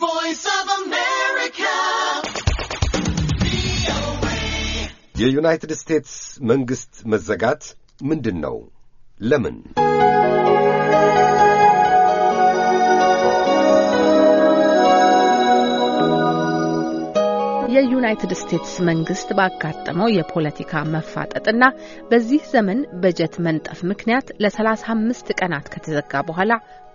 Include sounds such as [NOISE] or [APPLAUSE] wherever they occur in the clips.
ቮይስ የዩናይትድ ስቴትስ መንግሥት መዘጋት ምንድን ነው? ለምን? የዩናይትድ ስቴትስ መንግስት ባጋጠመው የፖለቲካ መፋጠጥና በዚህ ዘመን በጀት መንጠፍ ምክንያት ለ35 ቀናት ከተዘጋ በኋላ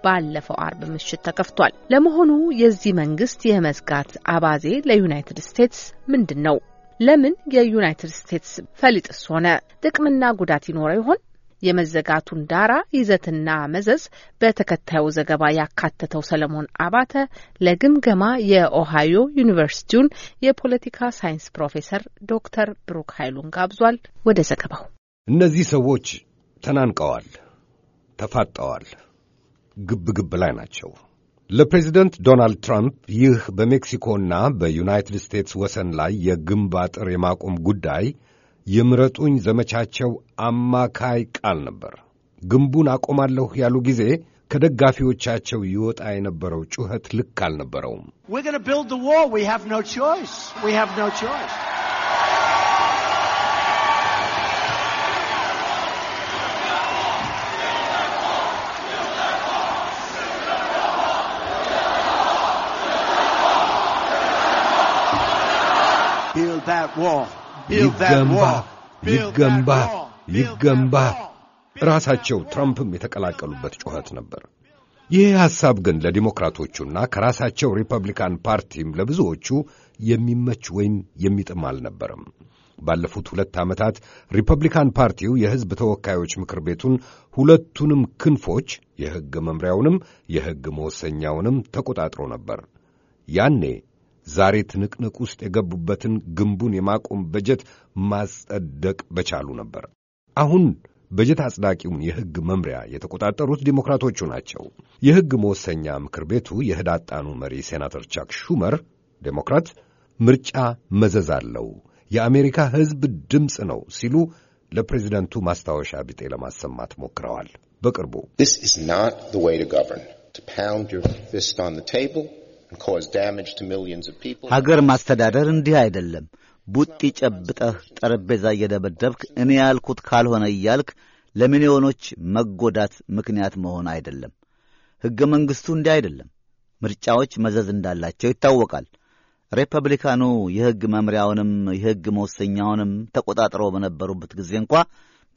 ባለፈው አርብ ምሽት ተከፍቷል። ለመሆኑ የዚህ መንግስት የመዝጋት አባዜ ለዩናይትድ ስቴትስ ምንድን ነው? ለምን የዩናይትድ ስቴትስ ፈሊጥስ ሆነ? ጥቅምና ጉዳት ይኖረው ይሆን? የመዘጋቱን ዳራ ይዘትና መዘዝ በተከታዩ ዘገባ ያካተተው ሰለሞን አባተ ለግምገማ የኦሃዮ ዩኒቨርሲቲውን የፖለቲካ ሳይንስ ፕሮፌሰር ዶክተር ብሩክ ኃይሉን ጋብዟል። ወደ ዘገባው። እነዚህ ሰዎች ተናንቀዋል፣ ተፋጠዋል። ግብግብ ላይ ናቸው። ለፕሬዚደንት ዶናልድ ትራምፕ ይህ በሜክሲኮና በዩናይትድ ስቴትስ ወሰን ላይ የግንብ አጥር የማቆም ጉዳይ የምረጡኝ ዘመቻቸው አማካይ ቃል ነበር። ግንቡን አቆማለሁ ያሉ ጊዜ ከደጋፊዎቻቸው ይወጣ የነበረው ጩኸት ልክ አልነበረውም። ይገንባ ይገንባ ይገንባ ራሳቸው ትራምፕም የተቀላቀሉበት ጩኸት ነበር። ይህ ሐሳብ ግን ለዲሞክራቶቹና ከራሳቸው ሪፐብሊካን ፓርቲም ለብዙዎቹ የሚመች ወይም የሚጥም አልነበረም። ባለፉት ሁለት ዓመታት ሪፐብሊካን ፓርቲው የሕዝብ ተወካዮች ምክር ቤቱን ሁለቱንም ክንፎች የሕግ መምሪያውንም የሕግ መወሰኛውንም ተቆጣጥሮ ነበር። ያኔ ዛሬ ትንቅንቅ ውስጥ የገቡበትን ግንቡን የማቆም በጀት ማጸደቅ በቻሉ ነበር። አሁን በጀት አጽዳቂውን የሕግ መምሪያ የተቆጣጠሩት ዴሞክራቶቹ ናቸው። የሕግ መወሰኛ ምክር ቤቱ የህዳጣኑ መሪ ሴናተር ቻክ ሹመር ዴሞክራት፣ ምርጫ መዘዝ አለው፣ የአሜሪካ ሕዝብ ድምፅ ነው ሲሉ ለፕሬዚደንቱ ማስታወሻ ቢጤ ለማሰማት ሞክረዋል። በቅርቡ This is not the way to ሀገር ማስተዳደር እንዲህ አይደለም። ቡጢ ጨብጠህ ጠረጴዛ እየደበደብክ እኔ ያልኩት ካልሆነ እያልክ ለሚሊዮኖች መጎዳት ምክንያት መሆን አይደለም። ሕገ መንግሥቱ እንዲህ አይደለም። ምርጫዎች መዘዝ እንዳላቸው ይታወቃል። ሬፐብሊካኑ የሕግ መምሪያውንም የሕግ መወሰኛውንም ተቆጣጥረው በነበሩበት ጊዜ እንኳ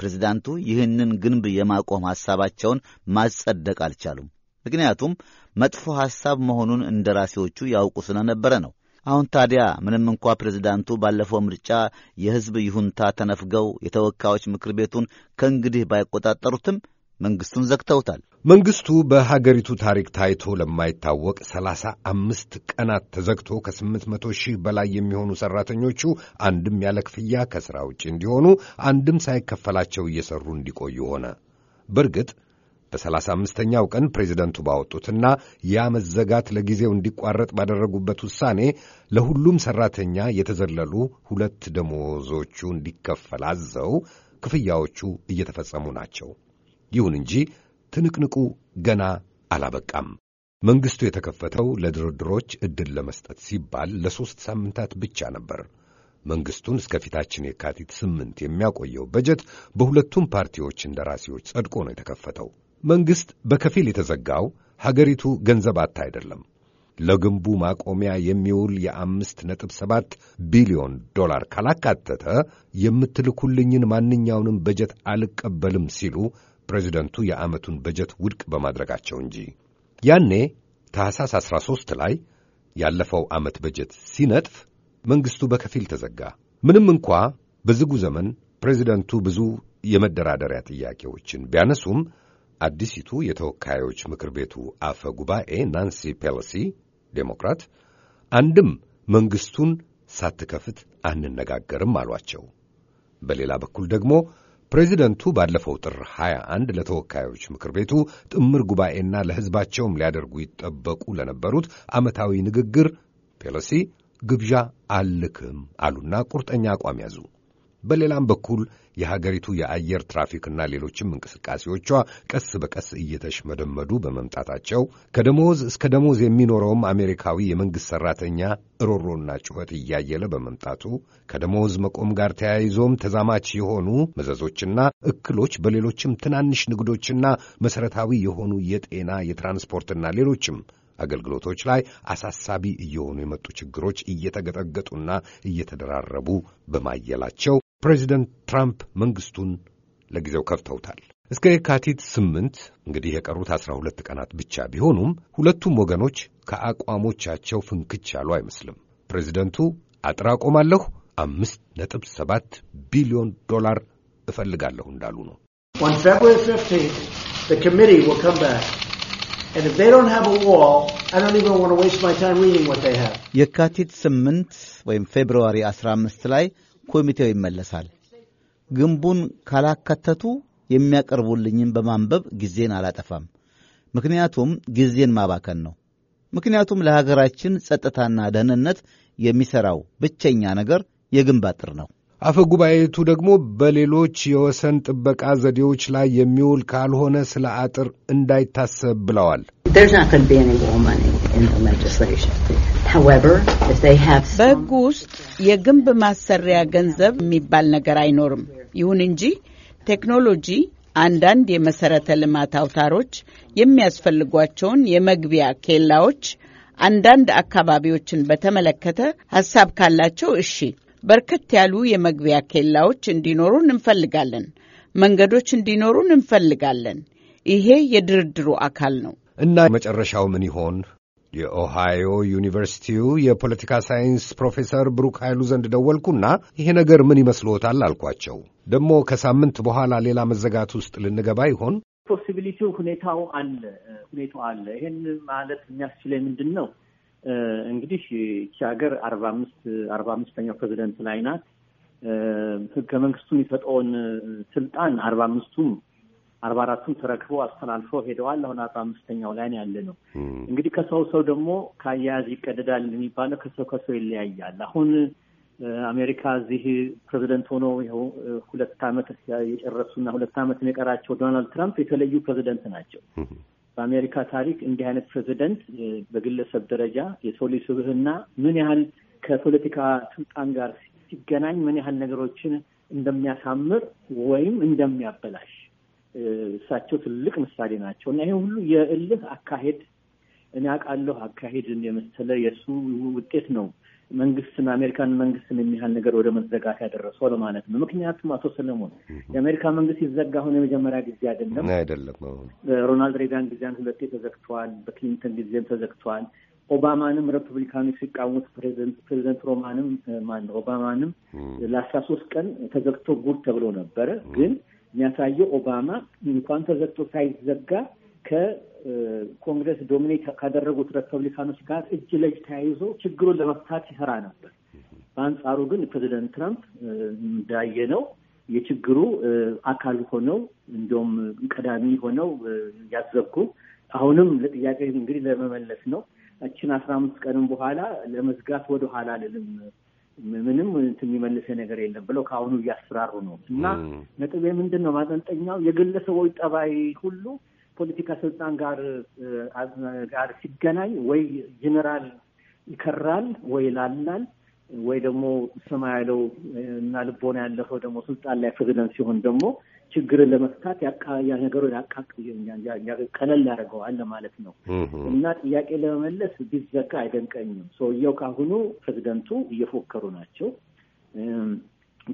ፕሬዚዳንቱ ይህንን ግንብ የማቆም ሐሳባቸውን ማጸደቅ አልቻሉም። ምክንያቱም መጥፎ ሐሳብ መሆኑን እንደራሴዎቹ ያውቁ ስለነበረ ነው። አሁን ታዲያ ምንም እንኳ ፕሬዚዳንቱ ባለፈው ምርጫ የሕዝብ ይሁንታ ተነፍገው የተወካዮች ምክር ቤቱን ከእንግዲህ ባይቆጣጠሩትም መንግሥቱን ዘግተውታል። መንግሥቱ በሀገሪቱ ታሪክ ታይቶ ለማይታወቅ ሰላሳ አምስት ቀናት ተዘግቶ ከስምንት መቶ ሺህ በላይ የሚሆኑ ሠራተኞቹ አንድም ያለ ክፍያ ከሥራ ውጪ እንዲሆኑ፣ አንድም ሳይከፈላቸው እየሠሩ እንዲቆዩ ሆነ። በእርግጥ በ35ኛው ቀን ፕሬዚደንቱ ባወጡትና ያ መዘጋት ለጊዜው እንዲቋረጥ ባደረጉበት ውሳኔ ለሁሉም ሠራተኛ የተዘለሉ ሁለት ደሞዞቹ እንዲከፈል አዘው ክፍያዎቹ እየተፈጸሙ ናቸው። ይሁን እንጂ ትንቅንቁ ገና አላበቃም። መንግሥቱ የተከፈተው ለድርድሮች ዕድል ለመስጠት ሲባል ለሦስት ሳምንታት ብቻ ነበር። መንግሥቱን እስከ ፊታችን የካቲት ስምንት የሚያቆየው በጀት በሁለቱም ፓርቲዎች እንደራሴዎች ጸድቆ ነው የተከፈተው። መንግሥት በከፊል የተዘጋው ሀገሪቱ ገንዘብ አታ አይደለም ለግንቡ ማቆሚያ የሚውል የአምስት ነጥብ ሰባት ቢሊዮን ዶላር ካላካተተ የምትልኩልኝን ማንኛውንም በጀት አልቀበልም ሲሉ ፕሬዚደንቱ የዓመቱን በጀት ውድቅ በማድረጋቸው እንጂ። ያኔ ታሕሳስ 13 ላይ ያለፈው ዓመት በጀት ሲነጥፍ መንግሥቱ በከፊል ተዘጋ። ምንም እንኳ በዝጉ ዘመን ፕሬዚደንቱ ብዙ የመደራደሪያ ጥያቄዎችን ቢያነሱም አዲሲቱ የተወካዮች ምክር ቤቱ አፈ ጉባኤ ናንሲ ፔሎሲ ዴሞክራት አንድም መንግሥቱን ሳትከፍት አንነጋገርም አሏቸው። በሌላ በኩል ደግሞ ፕሬዚደንቱ ባለፈው ጥር 21 ለተወካዮች ምክር ቤቱ ጥምር ጉባኤና ለሕዝባቸውም ሊያደርጉ ይጠበቁ ለነበሩት ዓመታዊ ንግግር ፔሎሲ ግብዣ አልክም አሉና ቁርጠኛ አቋም ያዙ። በሌላም በኩል የሀገሪቱ የአየር ትራፊክና ሌሎችም እንቅስቃሴዎቿ ቀስ በቀስ እየተሽመደመዱ በመምጣታቸው ከደሞዝ እስከ ደሞዝ የሚኖረውም አሜሪካዊ የመንግሥት ሠራተኛ እሮሮና ጩኸት እያየለ በመምጣቱ ከደሞዝ መቆም ጋር ተያይዞም ተዛማች የሆኑ መዘዞችና እክሎች በሌሎችም ትናንሽ ንግዶችና መሠረታዊ የሆኑ የጤና የትራንስፖርትና ሌሎችም አገልግሎቶች ላይ አሳሳቢ እየሆኑ የመጡ ችግሮች እየተገጠገጡና እየተደራረቡ በማየላቸው ፕሬዚደንት ትራምፕ መንግሥቱን ለጊዜው ከፍተውታል። እስከ የካቲት ስምንት እንግዲህ የቀሩት አስራ ሁለት ቀናት ብቻ ቢሆኑም ሁለቱም ወገኖች ከአቋሞቻቸው ፍንክች ያሉ አይመስልም። ፕሬዚደንቱ አጥር ቆማለሁ አምስት ነጥብ ሰባት ቢሊዮን ዶላር እፈልጋለሁ እንዳሉ ነው። የካቲት ስምንት ወይም ፌብርዋሪ አስራ አምስት ላይ ኮሚቴው ይመለሳል። ግንቡን ካላካተቱ የሚያቀርቡልኝን በማንበብ ጊዜን አላጠፋም። ምክንያቱም ጊዜን ማባከን ነው። ምክንያቱም ለሀገራችን ጸጥታና ደህንነት የሚሠራው ብቸኛ ነገር የግንብ አጥር ነው። አፈ ጉባኤቱ ደግሞ በሌሎች የወሰን ጥበቃ ዘዴዎች ላይ የሚውል ካልሆነ ስለ አጥር እንዳይታሰብ ብለዋል። በሕጉ ውስጥ የግንብ ማሰሪያ ገንዘብ የሚባል ነገር አይኖርም። ይሁን እንጂ ቴክኖሎጂ አንዳንድ የመሰረተ ልማት አውታሮች የሚያስፈልጓቸውን የመግቢያ ኬላዎች አንዳንድ አካባቢዎችን በተመለከተ ሀሳብ ካላቸው እሺ፣ በርከት ያሉ የመግቢያ ኬላዎች እንዲኖሩን እንፈልጋለን። መንገዶች እንዲኖሩን እንፈልጋለን። ይሄ የድርድሩ አካል ነው እና መጨረሻው ምን ይሆን? የኦሃዮ ዩኒቨርሲቲው የፖለቲካ ሳይንስ ፕሮፌሰር ብሩክ ኃይሉ ዘንድ ደወልኩና ይሄ ነገር ምን ይመስልዎታል አልኳቸው። ደግሞ ከሳምንት በኋላ ሌላ መዘጋት ውስጥ ልንገባ ይሆን? ፖሲቢሊቲው ሁኔታው አለ ሁኔታው አለ። ይህን ማለት የሚያስችለኝ ምንድን ነው እንግዲህ ይቺ ሀገር አርባ አምስት አርባ አምስተኛው ፕሬዚደንት ላይ ናት። ህገ መንግስቱ የሚሰጠውን ስልጣን አርባ አምስቱም አርባ አራቱም ተረክቦ አስተላልፎ ሄደዋል። አሁን አርባ አምስተኛው ላይ ያለ ነው። እንግዲህ ከሰው ሰው ደግሞ ከአያያዝ ይቀደዳል የሚባለው ከሰው ከሰው ይለያያል። አሁን አሜሪካ እዚህ ፕሬዚደንት ሆኖ ይኸው ሁለት ዓመት የጨረሱና ሁለት ዓመት የቀራቸው ዶናልድ ትራምፕ የተለዩ ፕሬዚደንት ናቸው። በአሜሪካ ታሪክ እንዲህ አይነት ፕሬዚደንት በግለሰብ ደረጃ የሰው ልጅ ስብህና ምን ያህል ከፖለቲካ ስልጣን ጋር ሲገናኝ ምን ያህል ነገሮችን እንደሚያሳምር ወይም እንደሚያበላሽ እሳቸው ትልቅ ምሳሌ ናቸው እና ይሄ ሁሉ የእልህ አካሄድ እኔ አውቃለሁ አካሄድን የመሰለ የእሱ ውጤት ነው መንግስትን አሜሪካን መንግስትን የሚያህል ነገር ወደ መዘጋት ያደረሰው ለማለት ነው። ምክንያቱም አቶ ሰለሞን የአሜሪካ መንግስት ይዘጋ አሁን የመጀመሪያ ጊዜ አይደለም አይደለም። ሮናልድ ሬጋን ጊዜን ሁለቴ ተዘግቷል። በክሊንተን ጊዜም ተዘግተዋል። ኦባማንም ሪፐብሊካኖች ሲቃወሙት ፕሬዚደንት ሮማንም ማን ኦባማንም ለአስራ ሶስት ቀን ተዘግቶ ጉድ ተብሎ ነበረ ግን የሚያሳየው ኦባማ እንኳን ተዘግቶ ሳይዘጋ ከኮንግረስ ዶሚኔት ካደረጉት ሪፐብሊካኖች ጋር እጅ ለእጅ ተያይዞ ችግሩን ለመፍታት ይሰራ ነበር። በአንጻሩ ግን ፕሬዚደንት ትራምፕ እንዳየነው የችግሩ አካል ሆነው እንዲሁም ቀዳሚ ሆነው ያዘጉ አሁንም ለጥያቄ እንግዲህ ለመመለስ ነው። እችን አስራ አምስት ቀንም በኋላ ለመዝጋት ወደኋላ። አልልም ምንም የሚመልሰ ነገር የለም ብለው ከአሁኑ እያስፈራሩ ነው እና ነጥቤ ምንድን ነው ማዘንጠኛው የግለሰቦች ጠባይ ሁሉ ፖለቲካ ስልጣን ጋር ጋር ሲገናኝ ወይ ጀኔራል ይከራል ወይ ላላል ወይ ደግሞ ስማ ያለው እና ልቦና ያለፈው ደግሞ ስልጣን ላይ ፍግደን ሲሆን ደግሞ ችግርን ለመፍታት ነገሩን ያቃቅ ቀለል ያደርገዋል ለማለት ነው እና ጥያቄ ለመመለስ ቢዘጋ አይደንቀኝም። ሰውየው ካሁኑ ፕሬዚደንቱ እየፎከሩ ናቸው።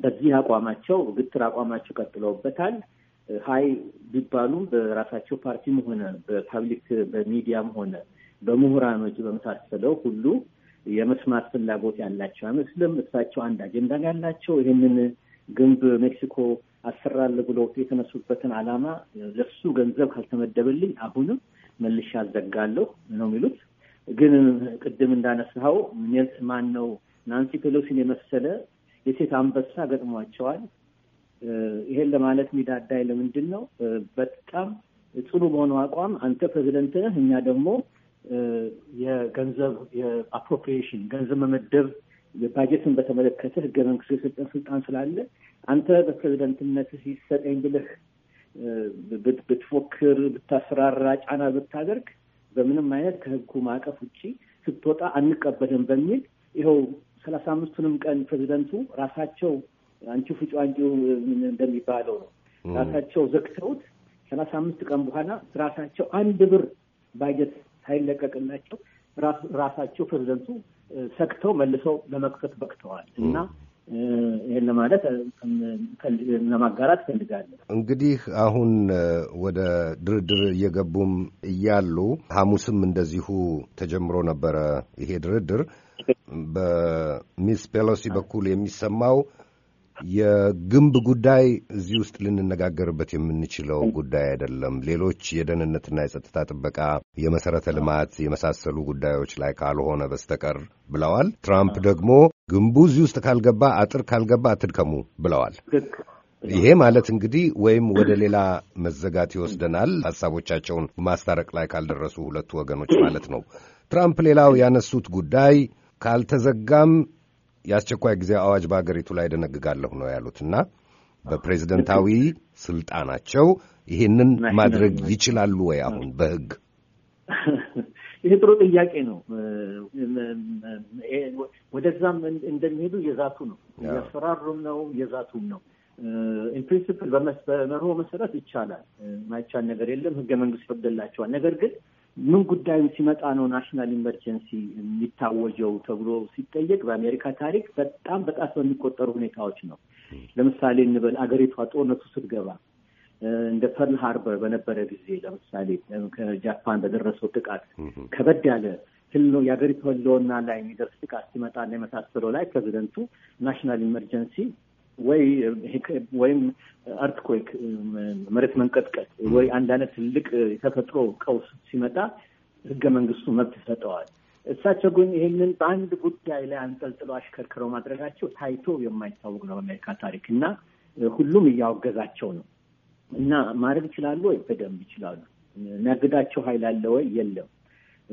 በዚህ አቋማቸው ግትር አቋማቸው ቀጥለውበታል። ሀይ ቢባሉም በራሳቸው ፓርቲም ሆነ በፐብሊክ በሚዲያም ሆነ በምሁራኖች በመሳሰለው ሁሉ የመስማት ፍላጎት ያላቸው አይመስልም። እሳቸው አንድ አጀንዳ ያላቸው ይህንን ግንብ ሜክሲኮ አሰራለሁ ብሎ የተነሱበትን ዓላማ ለሱ ገንዘብ ካልተመደበልኝ አሁንም መልሻ አዘጋለሁ ነው የሚሉት። ግን ቅድም እንዳነሳኸው ማን ነው ናንሲ ፔሎሲን የመሰለ የሴት አንበሳ ገጥሟቸዋል። ይሄን ለማለት ሚዳዳይ ለምንድን ነው በጣም ጽኑ በሆነው አቋም አንተ ፕሬዚደንት ነህ፣ እኛ ደግሞ የገንዘብ የአፕሮፕሪሽን ገንዘብ መመደብ የባጀትን በተመለከተ ህገ መንግስቱ የሰጠን ስልጣን ስላለ አንተ በፕሬዚደንትነት ይሰጠኝ ብለህ ብትፎክር፣ ብታስፈራራ፣ ጫና ብታደርግ በምንም አይነት ከህጉ ማዕቀፍ ውጪ ስትወጣ አንቀበልም በሚል ይኸው ሰላሳ አምስቱንም ቀን ፕሬዚደንቱ ራሳቸው አንቺ ፍጩ አንቺ እንደሚባለው ነው ራሳቸው ዘግተውት ሰላሳ አምስት ቀን በኋላ ራሳቸው አንድ ብር ባጀት ሳይለቀቅላቸው ራሳቸው ፕሬዚደንቱ ሰክተው መልሰው ለመክፈት በቅተዋል እና ይህን ለማለት ለማጋራት እፈልጋለሁ። እንግዲህ አሁን ወደ ድርድር እየገቡም እያሉ ሐሙስም እንደዚሁ ተጀምሮ ነበረ ይሄ ድርድር በሚስ ፔሎሲ በኩል የሚሰማው የግንብ ጉዳይ እዚህ ውስጥ ልንነጋገርበት የምንችለው ጉዳይ አይደለም። ሌሎች የደህንነትና የጸጥታ ጥበቃ፣ የመሰረተ ልማት የመሳሰሉ ጉዳዮች ላይ ካልሆነ በስተቀር ብለዋል። ትራምፕ ደግሞ ግንቡ እዚህ ውስጥ ካልገባ፣ አጥር ካልገባ አትድከሙ ብለዋል። ይሄ ማለት እንግዲህ ወይም ወደ ሌላ መዘጋት ይወስደናል፣ ሀሳቦቻቸውን ማስታረቅ ላይ ካልደረሱ ሁለቱ ወገኖች ማለት ነው። ትራምፕ ሌላው ያነሱት ጉዳይ ካልተዘጋም የአስቸኳይ ጊዜ አዋጅ በሀገሪቱ ላይ ደነግጋለሁ ነው ያሉትና በፕሬዝደንታዊ ስልጣናቸው ይሄንን ማድረግ ይችላሉ ወይ? አሁን በህግ ይህ ጥሩ ጥያቄ ነው። ወደዛም እንደሚሄዱ እየዛቱ ነው፣ እያስፈራሩም ነው፣ እየዛቱም ነው። ኢንፕሪንሲፕል በመርሆ መሰረት ይቻላል፣ ማይቻል ነገር የለም። ህገ መንግስት ይፈቅድላቸዋል። ነገር ግን ምን ጉዳዩ ሲመጣ ነው ናሽናል ኢመርጀንሲ የሚታወጀው ተብሎ ሲጠየቅ በአሜሪካ ታሪክ በጣም በጣት በሚቆጠሩ ሁኔታዎች ነው። ለምሳሌ እንበል አገሪቷ ጦርነቱ ስትገባ እንደ ፐርል ሃርበር በነበረ ጊዜ ለምሳሌ ከጃፓን በደረሰው ጥቃት ከበድ ያለ ህልው የአገሪቱ ህልውና ላይ የሚደርስ ጥቃት ሲመጣና የመሳሰለው ላይ ፕሬዚደንቱ ናሽናል ኢመርጀንሲ ወይ ወይም አርትኩዌክ መሬት መንቀጥቀጥ ወይ አንድ አይነት ትልቅ የተፈጥሮ ቀውስ ሲመጣ ህገ መንግስቱ መብት ሰጠዋል። እሳቸው ግን ይህንን በአንድ ጉዳይ ላይ አንጠልጥሎ አሽከርክረው ማድረጋቸው ታይቶ የማይታወቅ ነው በአሜሪካ ታሪክ እና ሁሉም እያወገዛቸው ነው እና ማድረግ ይችላሉ ወይ? በደንብ ይችላሉ። የሚያግዳቸው ኃይል አለ ወይ? የለም።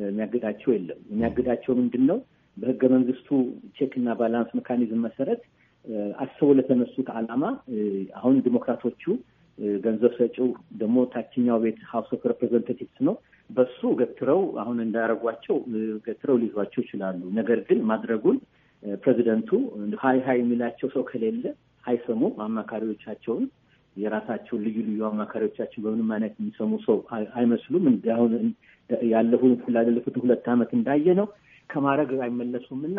የሚያግዳቸው የለም። የሚያግዳቸው ምንድን ነው? በህገ መንግስቱ ቼክ እና ባላንስ ሜካኒዝም መሰረት አስበው ለተነሱት ዓላማ አሁን ዲሞክራቶቹ ገንዘብ ሰጪው ደግሞ ታችኛው ቤት ሀውስ ኦፍ ሬፕሬዘንታቲቭስ ነው። በሱ ገትረው አሁን እንዳያደረጓቸው ገትረው ሊይዟቸው ይችላሉ። ነገር ግን ማድረጉን ፕሬዚደንቱ ሀይ ሀይ የሚላቸው ሰው ከሌለ አይሰሙም። አማካሪዎቻቸውን የራሳቸውን ልዩ ልዩ አማካሪዎቻቸው በምንም አይነት የሚሰሙ ሰው አይመስሉም። አሁን ያለፉት ላለፉት ሁለት ዓመት እንዳየ ነው ከማድረግ አይመለሱም እና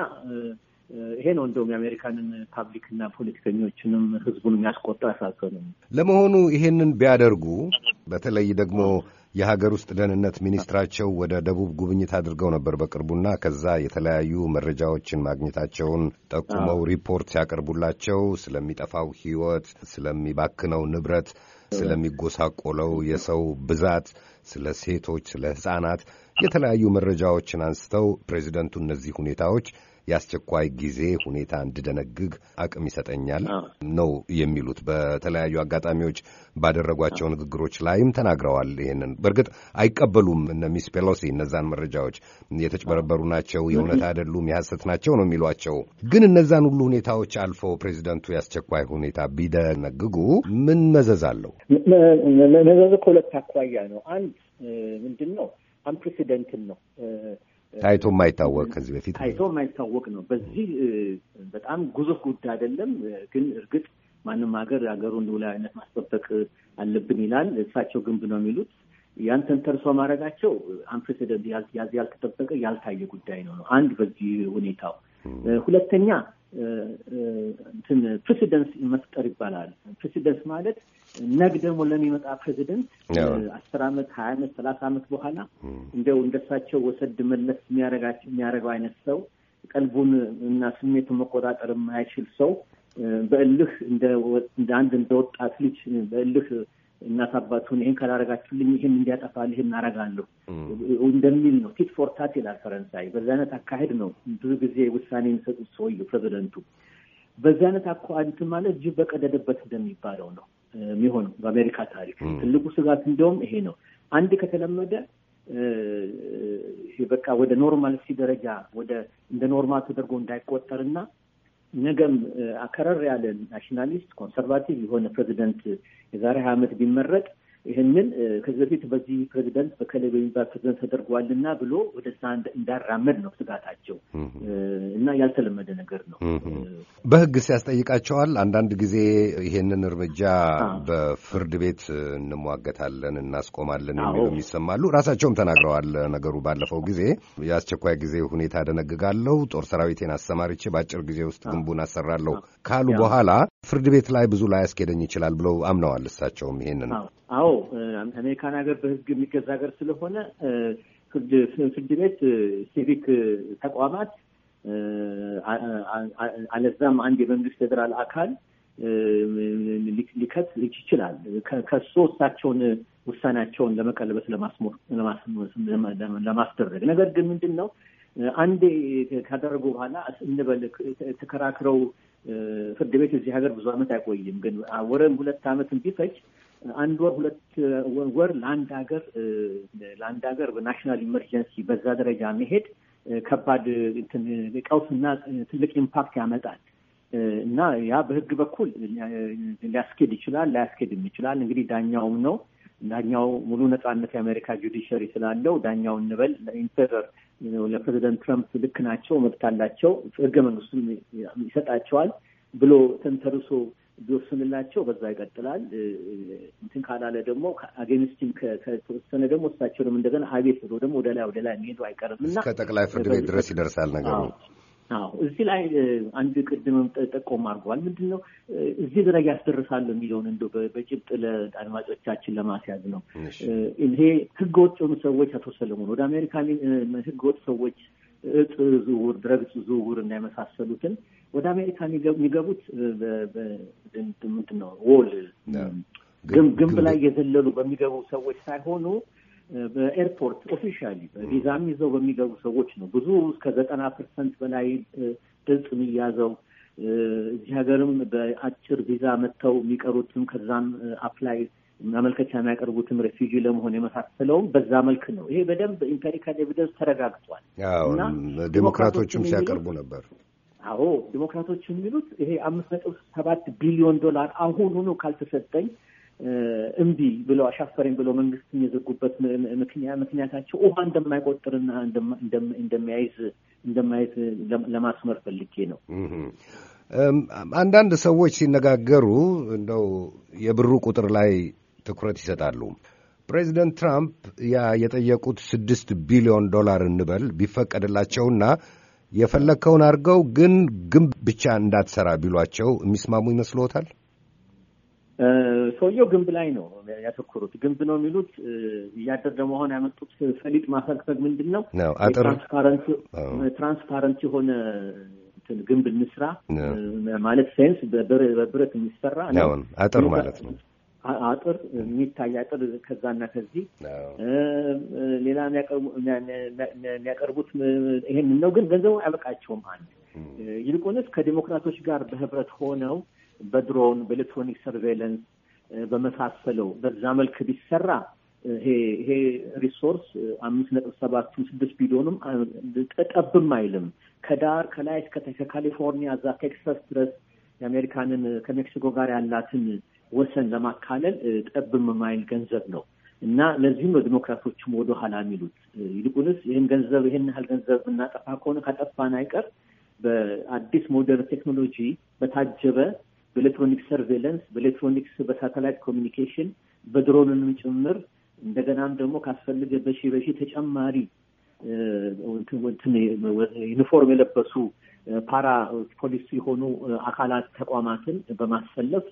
ይሄ ነው እንደውም የአሜሪካንን ፓብሊክና ፖለቲከኞችንም ህዝቡን የሚያስቆጣ ያሳሰነው። ለመሆኑ ይሄንን ቢያደርጉ በተለይ ደግሞ የሀገር ውስጥ ደህንነት ሚኒስትራቸው ወደ ደቡብ ጉብኝት አድርገው ነበር በቅርቡና ከዛ የተለያዩ መረጃዎችን ማግኘታቸውን ጠቁመው ሪፖርት ሲያቀርቡላቸው ስለሚጠፋው ህይወት፣ ስለሚባክነው ንብረት፣ ስለሚጎሳቆለው የሰው ብዛት፣ ስለ ሴቶች፣ ስለ ህጻናት የተለያዩ መረጃዎችን አንስተው ፕሬዚደንቱ እነዚህ ሁኔታዎች የአስቸኳይ ጊዜ ሁኔታ እንድደነግግ አቅም ይሰጠኛል ነው የሚሉት። በተለያዩ አጋጣሚዎች ባደረጓቸው ንግግሮች ላይም ተናግረዋል። ይህንን በእርግጥ አይቀበሉም እነ ሚስ ፔሎሲ እነዛን መረጃዎች የተጭበረበሩ ናቸው፣ የእውነት አይደሉም፣ የሐሰት ናቸው ነው የሚሏቸው። ግን እነዛን ሁሉ ሁኔታዎች አልፈው ፕሬዚደንቱ የአስቸኳይ ሁኔታ ቢደነግጉ ምን መዘዝ አለው? መዘዝ ከሁለት አኳያ ነው። አንድ ምንድን ነው አንፕሬሲደንትን ነው ታይቶ የማይታወቅ ከዚህ በፊት ታይቶ የማይታወቅ ነው። በዚህ በጣም ጉዙፍ ጉዳይ አይደለም፣ ግን እርግጥ ማንም ሀገር ሀገሩን ሉዓላዊነት ማስጠበቅ አለብን ይላል። እሳቸው ግንብ ነው የሚሉት ያንተን ተርሶ ማድረጋቸው አንፕሬሲደንት ያልተጠበቀ ያልታየ ጉዳይ ነው ነው አንድ በዚህ ሁኔታው ሁለተኛ እንትን ፕሬሲደንስ መፍጠር ይባላል። ፕሬሲደንስ ማለት ነግ ደግሞ ለሚመጣ ፕሬዚደንት አስር አመት ሀያ አመት ሰላሳ አመት በኋላ እንደው እንደሳቸው ወሰድ መለስ የሚያደርገው አይነት ሰው ቀልቡን እና ስሜቱን መቆጣጠር የማይችል ሰው በእልህ እንደ አንድ እንደ ወጣት ልጅ በእልህ እናት አባቱን ይህን ካላረጋችሁልኝ ይህን ይህን እናረጋለሁ እንደሚል ነው። ቲት ፎርታት ይላል ፈረንሳይ። በዚ አይነት አካሄድ ነው ብዙ ጊዜ ውሳኔ የሚሰጡት ሰውየው ፕሬዚደንቱ። በዚ አይነት አኳ ማለት እጅ በቀደደበት እንደሚባለው ነው የሚሆነው። በአሜሪካ ታሪክ ትልቁ ስጋት እንደውም ይሄ ነው። አንድ ከተለመደ በቃ ወደ ኖርማል ደረጃ ወደ እንደ ኖርማል ተደርጎ እንዳይቆጠርና ነገም አከረር ያለ ናሽናሊስት ኮንሰርቫቲቭ የሆነ ፕሬዚደንት የዛሬ ሀያ ዓመት ቢመረጥ ይህንን ከዚህ በፊት በዚህ ፕሬዚደንት በከላይ በሚባል ፕሬዚደንት ተደርጓልና ብሎ ወደ ሳ እንዳራመድ ነው ስጋታቸው እና ያልተለመደ ነገር ነው። በህግ ሲያስጠይቃቸዋል። አንዳንድ ጊዜ ይሄንን እርምጃ በፍርድ ቤት እንሟገታለን፣ እናስቆማለን የሚሉም ይሰማሉ። ራሳቸውም ተናግረዋል። ነገሩ ባለፈው ጊዜ የአስቸኳይ ጊዜ ሁኔታ ደነግጋለሁ፣ ጦር ሰራዊቴን አሰማርቼ በአጭር ጊዜ ውስጥ ግንቡን አሰራለሁ ካሉ በኋላ ፍርድ ቤት ላይ ብዙ ላያስኬደኝ ይችላል ብለው አምነዋል። እሳቸውም ይሄንን አዎ፣ አሜሪካን ሀገር በህግ የሚገዛ ሀገር ስለሆነ ፍርድ ቤት፣ ሲቪክ ተቋማት አለዛም አንድ የመንግስት ፌዴራል አካል ሊከት ይችላል። ከሶ እሳቸውን ውሳኔያቸውን ለመቀለበስ ለማስደረግ ነገር ግን ምንድን ነው አንዴ ካደረጉ በኋላ እንበል ተከራክረው ፍርድ ቤት እዚህ ሀገር ብዙ ዓመት አይቆይም። ግን ወርም ሁለት ዓመትም ቢፈጅ አንድ ወር ሁለት ወር ለአንድ ሀገር ለአንድ ሀገር በናሽናል ኢመርጀንሲ በዛ ደረጃ መሄድ ከባድ ቀውስና ትልቅ ኢምፓክት ያመጣል እና ያ በህግ በኩል ሊያስኬድ ይችላል ላያስኬድም ይችላል። እንግዲህ ዳኛውም ነው ዳኛው ሙሉ ነጻነት የአሜሪካ ጁዲሽሪ ስላለው ዳኛው እንበል ለኢንተር ለፕሬዚደንት ትራምፕ ልክ ናቸው፣ መብት አላቸው፣ ህገ መንግስቱም ይሰጣቸዋል ብሎ ተንተርሶ ቢወስንላቸው በዛ ይቀጥላል። እንትን ካላለ ደግሞ አጌንስቲም ከተወሰነ ደግሞ እሳቸው ደግሞ እንደገና አቤት ብሎ ደግሞ ወደ ላይ ወደ ላይ የሚሄዱ አይቀርም እና ከጠቅላይ ፍርድ ቤት ድረስ ይደርሳል ነገሩ። አዎ እዚህ ላይ አንድ ቅድምም ጠቆም አድርገዋል። ምንድን ነው እዚህ ደረጃ ያስደርሳል የሚለውን እንደ በጭብጥ ለአድማጮቻችን ለማስያዝ ነው። ይሄ ህገወጥ የሆኑ ሰዎች አቶ ሰለሞን ወደ አሜሪካ ህገወጥ ሰዎች እጽ ዝውውር፣ ድረግጽ ዝውውር እና የመሳሰሉትን ወደ አሜሪካ የሚገቡት ምንድን ነው ወል ግንብ ላይ የዘለሉ በሚገቡ ሰዎች ሳይሆኑ በኤርፖርት ኦፊሻሊ በቪዛም ይዘው በሚገቡ ሰዎች ነው። ብዙ እስከ ዘጠና ፐርሰንት በላይ ድምፅ የሚያዘው እዚህ ሀገርም በአጭር ቪዛ መጥተው የሚቀሩትም ከዛም አፕላይ ማመልከቻ የሚያቀርቡትም ሬፊጂ ለመሆን የመሳሰለውም በዛ መልክ ነው። ይሄ በደንብ ኢምፔሪካል ኤቪደንስ ተረጋግጧል እና ዴሞክራቶችም ሲያቀርቡ ነበር። አዎ ዴሞክራቶች የሚሉት ይሄ አምስት ነጥብ ሰባት ቢሊዮን ዶላር ሆኖ ካልተሰጠኝ እምቢ ብለው አሻፈረኝ ብለው መንግስት የዘጉበት ምክንያታቸው ውሃ እንደማይቆጥርና እንደማይዝ እንደማየት ለማስመር ፈልጌ ነው። አንዳንድ ሰዎች ሲነጋገሩ እንደው የብሩ ቁጥር ላይ ትኩረት ይሰጣሉ። ፕሬዚደንት ትራምፕ ያ የጠየቁት ስድስት ቢሊዮን ዶላር እንበል ቢፈቀድላቸውና የፈለግከውን አድርገው ግን ግንብ ብቻ እንዳትሰራ ቢሏቸው የሚስማሙ ይመስልዎታል? ሰውየው ግንብ ላይ ነው ያተኮሩት። ግንብ ነው የሚሉት እያደር ለመሆን ያመጡት ሰሊጥ ማፈግፈግ ምንድን ነው ትራንስፓረንት የሆነ ግንብ እንስራ ማለት ሳይንስ በብረት የሚሰራ አጥር ማለት ነው። አጥር የሚታይ አጥር ከዛና ከዚህ ሌላ የሚያቀርቡት ይሄንን ነው። ግን ገንዘቡ አያበቃቸውም። አንድ ይልቁንስ ከዲሞክራቶች ጋር በህብረት ሆነው በድሮን በኤሌክትሮኒክ ሰርቬይለንስ በመሳሰለው በዛ መልክ ቢሰራ ይሄ ሪሶርስ አምስት ነጥብ ሰባት ስድስት ቢሊዮንም ጠጠብም አይልም። ከዳር ከላይ ከካሊፎርኒያ እዛ ቴክሳስ ድረስ የአሜሪካንን ከሜክሲኮ ጋር ያላትን ወሰን ለማካለል ጠብም ማይል ገንዘብ ነው እና ለዚህም ነው ዲሞክራቶችም ወደ ኋላ የሚሉት። ይልቁንስ ይህን ገንዘብ ይህን ያህል ገንዘብ እናጠፋ ከሆነ ከጠፋን አይቀር በአዲስ ሞደርን ቴክኖሎጂ በታጀበ በኤሌክትሮኒክ ሰርቬለንስ፣ በኤሌክትሮኒክስ፣ በሳተላይት ኮሚኒኬሽን፣ በድሮንንም ጭምር እንደገናም ደግሞ ካስፈልገ በሺ በሺ ተጨማሪ ዩኒፎርም የለበሱ ፓራ ፖሊስ የሆኑ አካላት ተቋማትን በማሰለፍ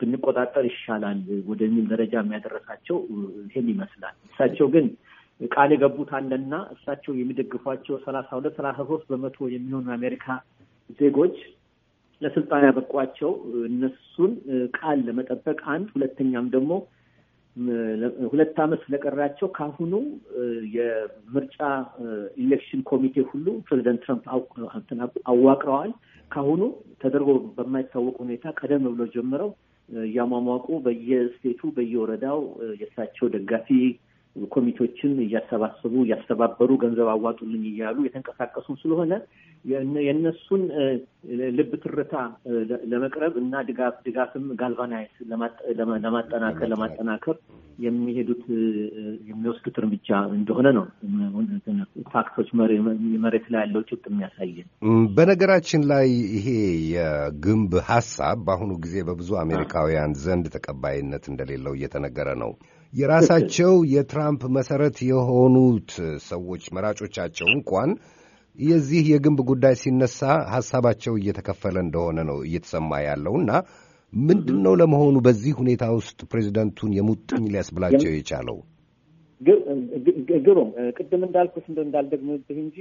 ብንቆጣጠር ይሻላል ወደሚል ደረጃ የሚያደረሳቸው ይህን ይመስላል። እሳቸው ግን ቃል የገቡት አለና እሳቸው የሚደግፏቸው ሰላሳ ሁለት ሰላሳ ሶስት በመቶ የሚሆኑ የአሜሪካ ዜጎች ለስልጣን ያበቋቸው እነሱን ቃል ለመጠበቅ አንድ፣ ሁለተኛም ደግሞ ሁለት ዓመት ስለቀራቸው ካሁኑ የምርጫ ኢሌክሽን ኮሚቴ ሁሉ ፕሬዚደንት ትራምፕ አዋቅረዋል። ካሁኑ ተደርጎ በማይታወቅ ሁኔታ ቀደም ብሎ ጀምረው እያሟሟቁ በየስቴቱ በየወረዳው የእሳቸው ደጋፊ ኮሚቴዎችን እያሰባሰቡ እያስተባበሩ ገንዘብ አዋጡልኝ እያሉ የተንቀሳቀሱ ስለሆነ የእነሱን ልብ ትርታ ለመቅረብ እና ድጋፍ ድጋፍም ጋልቫናይዝ ለማጠናከር ለማጠናከር የሚሄዱት የሚወስዱት እርምጃ እንደሆነ ነው። ፋክቶች መሬት ላይ ያለው ጭብጥ የሚያሳየን። በነገራችን ላይ ይሄ የግንብ ሀሳብ በአሁኑ ጊዜ በብዙ አሜሪካውያን ዘንድ ተቀባይነት እንደሌለው እየተነገረ ነው። የራሳቸው የትራምፕ መሰረት የሆኑት ሰዎች መራጮቻቸው እንኳን የዚህ የግንብ ጉዳይ ሲነሳ ሀሳባቸው እየተከፈለ እንደሆነ ነው እየተሰማ ያለው እና ምንድን ነው ለመሆኑ በዚህ ሁኔታ ውስጥ ፕሬዚደንቱን የሙጥኝ ሊያስብላቸው የቻለው? ግሩም ቅድም እንዳልኩት እንደ እንዳልደግምብህ እንጂ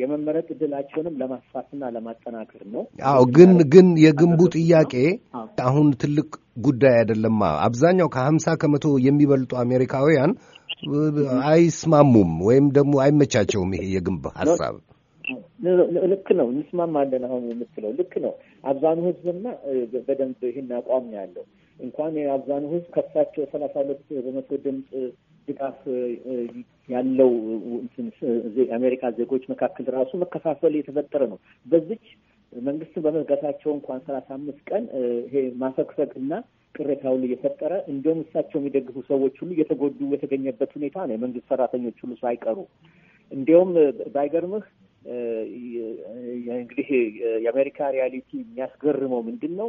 የመመረጥ እድላቸውንም ለማስፋትና ለማጠናከር ነው። አዎ ግን ግን የግንቡ ጥያቄ አሁን ትልቅ ጉዳይ አይደለማ። አብዛኛው ከሀምሳ ከመቶ የሚበልጡ አሜሪካውያን አይስማሙም ወይም ደግሞ አይመቻቸውም ይሄ የግንብ ሀሳብ። ልክ ነው፣ እንስማማለን። አሁን የምትለው ልክ ነው። አብዛኑ ህዝብና በደንብ ይህን አቋም ነው ያለው። እንኳን የአብዛኑ ህዝብ ከሳቸው ሰላሳ ሁለት በመቶ ድምፅ ድጋፍ ያለው አሜሪካ ዜጎች መካከል ራሱ መከፋፈል የተፈጠረ ነው በዚች መንግስትን በመዝጋታቸው እንኳን ሰላሳ አምስት ቀን ይሄ ቅሬታ ሁሉ እየፈጠረ እንዲሁም እሳቸው የሚደግፉ ሰዎች ሁሉ እየተጎዱ የተገኘበት ሁኔታ ነው። የመንግስት ሰራተኞች ሁሉ ሳይቀሩ እንዲሁም ባይገርምህ እንግዲህ የአሜሪካ ሪያሊቲ የሚያስገርመው ምንድን ነው?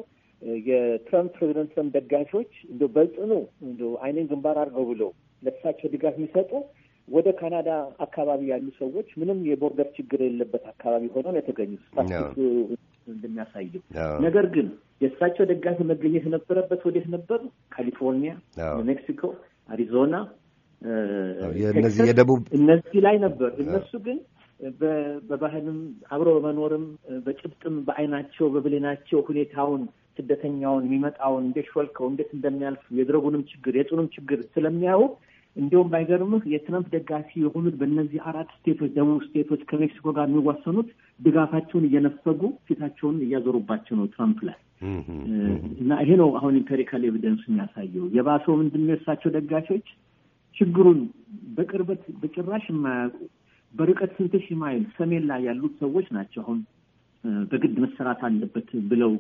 የትራምፕ ፕሬዚደንት ትራምፕ ደጋፊዎች እንደ በጽኑ እንደ አይንን ግንባር አድርገው ብለው ለእሳቸው ድጋፍ የሚሰጡ ወደ ካናዳ አካባቢ ያሉ ሰዎች ምንም የቦርደር ችግር የሌለበት አካባቢ ሆነው ነው የተገኙት እንደሚያሳየው። ነገር ግን የእሳቸው ደጋፊ መገኘት የነበረበት ወዴት ነበር? ካሊፎርኒያ፣ ሜክሲኮ፣ አሪዞና እነዚህ የደቡብ እነዚህ ላይ ነበር። እነሱ ግን በባህልም አብሮ በመኖርም በጭብጥም በአይናቸው በብሌናቸው ሁኔታውን ስደተኛውን የሚመጣውን እንዴት ሾልከው እንዴት እንደሚያልፉ የድረጉንም ችግር የጽኑም ችግር ስለሚያዩ እንዲሁም ባይገርምህ የትረምፕ ደጋፊ የሆኑት በእነዚህ አራት ስቴቶች ደቡብ ስቴቶች ከሜክሲኮ ጋር የሚዋሰኑት ድጋፋቸውን እየነፈጉ ፊታቸውን እያዞሩባቸው ነው ትራምፕ ላይ እና ይሄ ነው አሁን ኢምፔሪካል ኤቪደንስ የሚያሳየው። የባሰው ምንድን የእሳቸው ደጋፊዎች ችግሩን በቅርበት በጭራሽ የማያውቁ በርቀት ስንት ሺህ ማይል ሰሜን ላይ ያሉት ሰዎች ናቸው አሁን በግድ መሰራት አለበት ብለው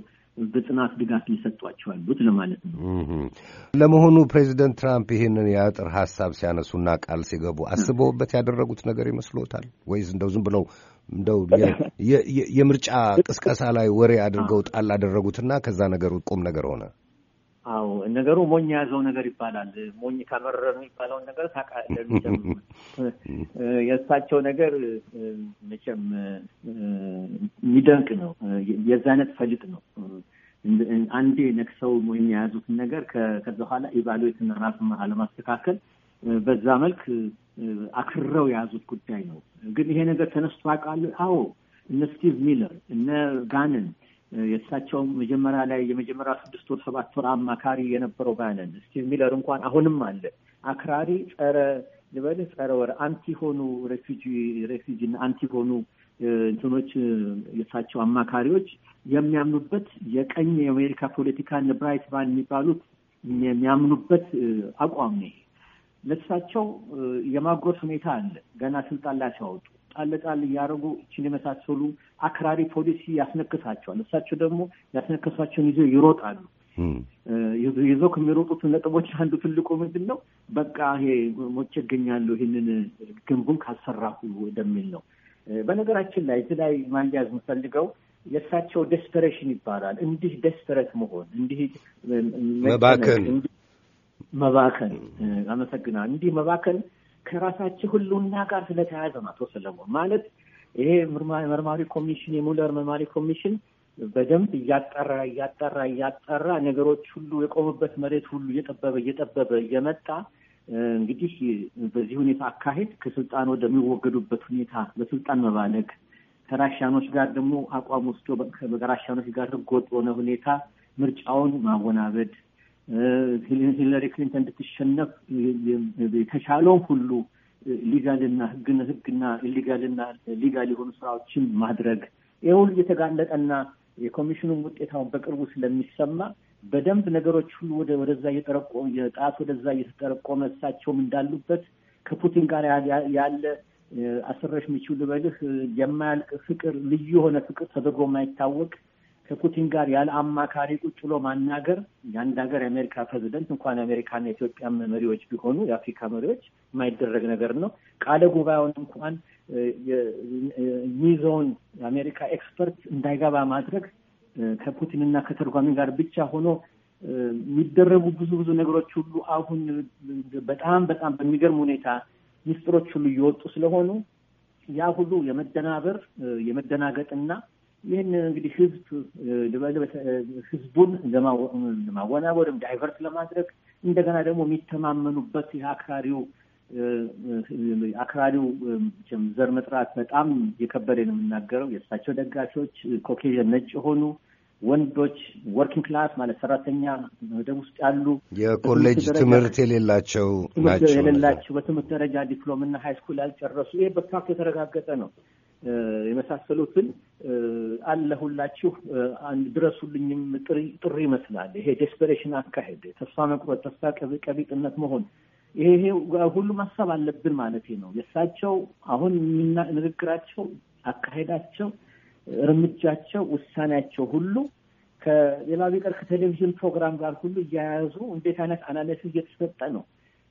በጽናት ድጋፍ እየሰጧቸው ያሉት ለማለት ነው። ለመሆኑ ፕሬዚደንት ትራምፕ ይህንን የአጥር ሀሳብ ሲያነሱና ቃል ሲገቡ አስበውበት ያደረጉት ነገር ይመስሎታል ወይስ እንደው ዝም ብለው እንደው የምርጫ ቅስቀሳ ላይ ወሬ አድርገው ጣል አደረጉትና ከዛ ነገር ቁም ነገር ሆነ? አዎ ነገሩ ሞኝ ያዘው ነገር ይባላል። ሞኝ ከመረሩ የሚባለውን ነገር ታውቃ [LAUGHS] የእሳቸው ነገር መቼም የሚደንቅ ነው። የዛ አይነት ፈልጥ ነው። አንዴ ነክሰው ሞኝ የያዙትን ነገር ከዛ በኋላ ኢቫሉዌትና ራሱን አለማስተካከል በዛ መልክ አክርረው የያዙት ጉዳይ ነው። ግን ይሄ ነገር ተነስቶ አውቃል። አዎ እነ ስቲቭ ሚለር እነ ጋንን የእሳቸውም መጀመሪያ ላይ የመጀመሪያ ስድስት ወር ሰባት ወር አማካሪ የነበረው ባነን ስቲቭ ሚለር እንኳን አሁንም አለ አክራሪ ጸረ ልበልህ ጸረ ወር አንቲ ሆኑ ሬፊጂ ሬፊጂና አንቲ ሆኑ እንትኖች የእሳቸው አማካሪዎች የሚያምኑበት የቀኝ የአሜሪካ ፖለቲካ ብራይት ባን የሚባሉት የሚያምኑበት አቋም ነው። ለእሳቸው የማጎር ሁኔታ አለ። ገና ስልጣን ላይ ሲያወጡ ጣል እያደረጉ እችን የመሳሰሉ አክራሪ ፖሊሲ ያስነክሳቸዋል። እሳቸው ደግሞ ያስነከሷቸውን ይዘው ይሮጣሉ። ይዞ ከሚሮጡት ነጥቦች አንዱ ትልቁ ምንድን ነው? በቃ ይሄ ሞቼ እገኛለሁ ይህንን ግንቡን ካልሰራሁ ወደሚል ነው። በነገራችን ላይ እዚህ ላይ ማያዝ የምፈልገው የእሳቸው ደስፐሬሽን ይባላል። እንዲህ ደስፐሬት መሆን እንዲህ መባከን መባከን፣ አመሰግናል። እንዲህ መባከን ከራሳቸው ሁሉና ጋር ስለተያያዘ ነው። አቶ ሰለሞን ማለት ይሄ መርማሪ ኮሚሽን የሙለር መርማሪ ኮሚሽን በደንብ እያጠራ እያጠራ እያጠራ ነገሮች ሁሉ የቆሙበት መሬት ሁሉ እየጠበበ እየጠበበ እየመጣ እንግዲህ በዚህ ሁኔታ አካሄድ ከስልጣን ወደሚወገዱበት ሁኔታ በስልጣን መባለግ ከራሻኖች ጋር ደግሞ አቋም ወስዶ ከራሻኖች ጋር ህገወጥ በሆነ ሁኔታ ምርጫውን ማወናበድ ሂለሪ ክሊንተን እንድትሸነፍ የተሻለውን ሁሉ ሊጋልና ህግና ህግና ኢሊጋልና ሊጋል የሆኑ ስራዎችን ማድረግ ይህ ሁሉ እየተጋለጠና የኮሚሽኑን ውጤታውን በቅርቡ ስለሚሰማ በደንብ ነገሮች ሁሉ ወደ ወደዛ እየጠረቆ የጣት ወደዛ እየተጠረቆመ እሳቸውም እንዳሉበት ከፑቲን ጋር ያለ አስረሽ የሚችሉ ልበልህ የማያልቅ ፍቅር ልዩ የሆነ ፍቅር ተደርጎ የማይታወቅ ከፑቲን ጋር ያለ አማካሪ ቁጭ ብሎ ማናገር የአንድ ሀገር የአሜሪካ ፕሬዚደንት እንኳን የአሜሪካና የኢትዮጵያ መሪዎች ቢሆኑ የአፍሪካ መሪዎች የማይደረግ ነገር ነው። ቃለ ጉባኤውን እንኳን የሚይዘውን የአሜሪካ ኤክስፐርት እንዳይገባ ማድረግ ከፑቲንና ከተርጓሚ ጋር ብቻ ሆኖ የሚደረጉ ብዙ ብዙ ነገሮች ሁሉ አሁን በጣም በጣም በሚገርም ሁኔታ ሚስጥሮች ሁሉ እየወጡ ስለሆኑ ያ ሁሉ የመደናበር የመደናገጥና ይህን እንግዲህ ህዝብ ህዝቡን ለማወናወድም ዳይቨርት ለማድረግ እንደገና ደግሞ የሚተማመኑበት የአክራሪው አክራሪው ዘር መጥራት በጣም የከበደ ነው የምናገረው። የእሳቸው ደጋፊዎች ኮኬዥን ነጭ የሆኑ ወንዶች፣ ወርኪንግ ክላስ ማለት ሰራተኛ መደብ ውስጥ ያሉ የኮሌጅ ትምህርት የሌላቸው ናቸው የሌላቸው በትምህርት ደረጃ ዲፕሎምና ሃይስኩል ያልጨረሱ ይሄ በፋክት የተረጋገጠ ነው። የመሳሰሉትን አለሁላችሁ ድረሱልኝም ጥሪ ይመስላል። ይሄ ዴስፐሬሽን አካሄድ፣ ተስፋ መቁረጥ፣ ተስፋ ቀቢጥነት መሆን ይሄ ሁሉም ማሰብ አለብን ማለት ነው። የእሳቸው አሁን ንግግራቸው፣ አካሄዳቸው፣ እርምጃቸው፣ ውሳኔያቸው ሁሉ ከሌላ ቢቀር ከቴሌቪዥን ፕሮግራም ጋር ሁሉ እያያዙ እንዴት አይነት አናሊሲስ እየተሰጠ ነው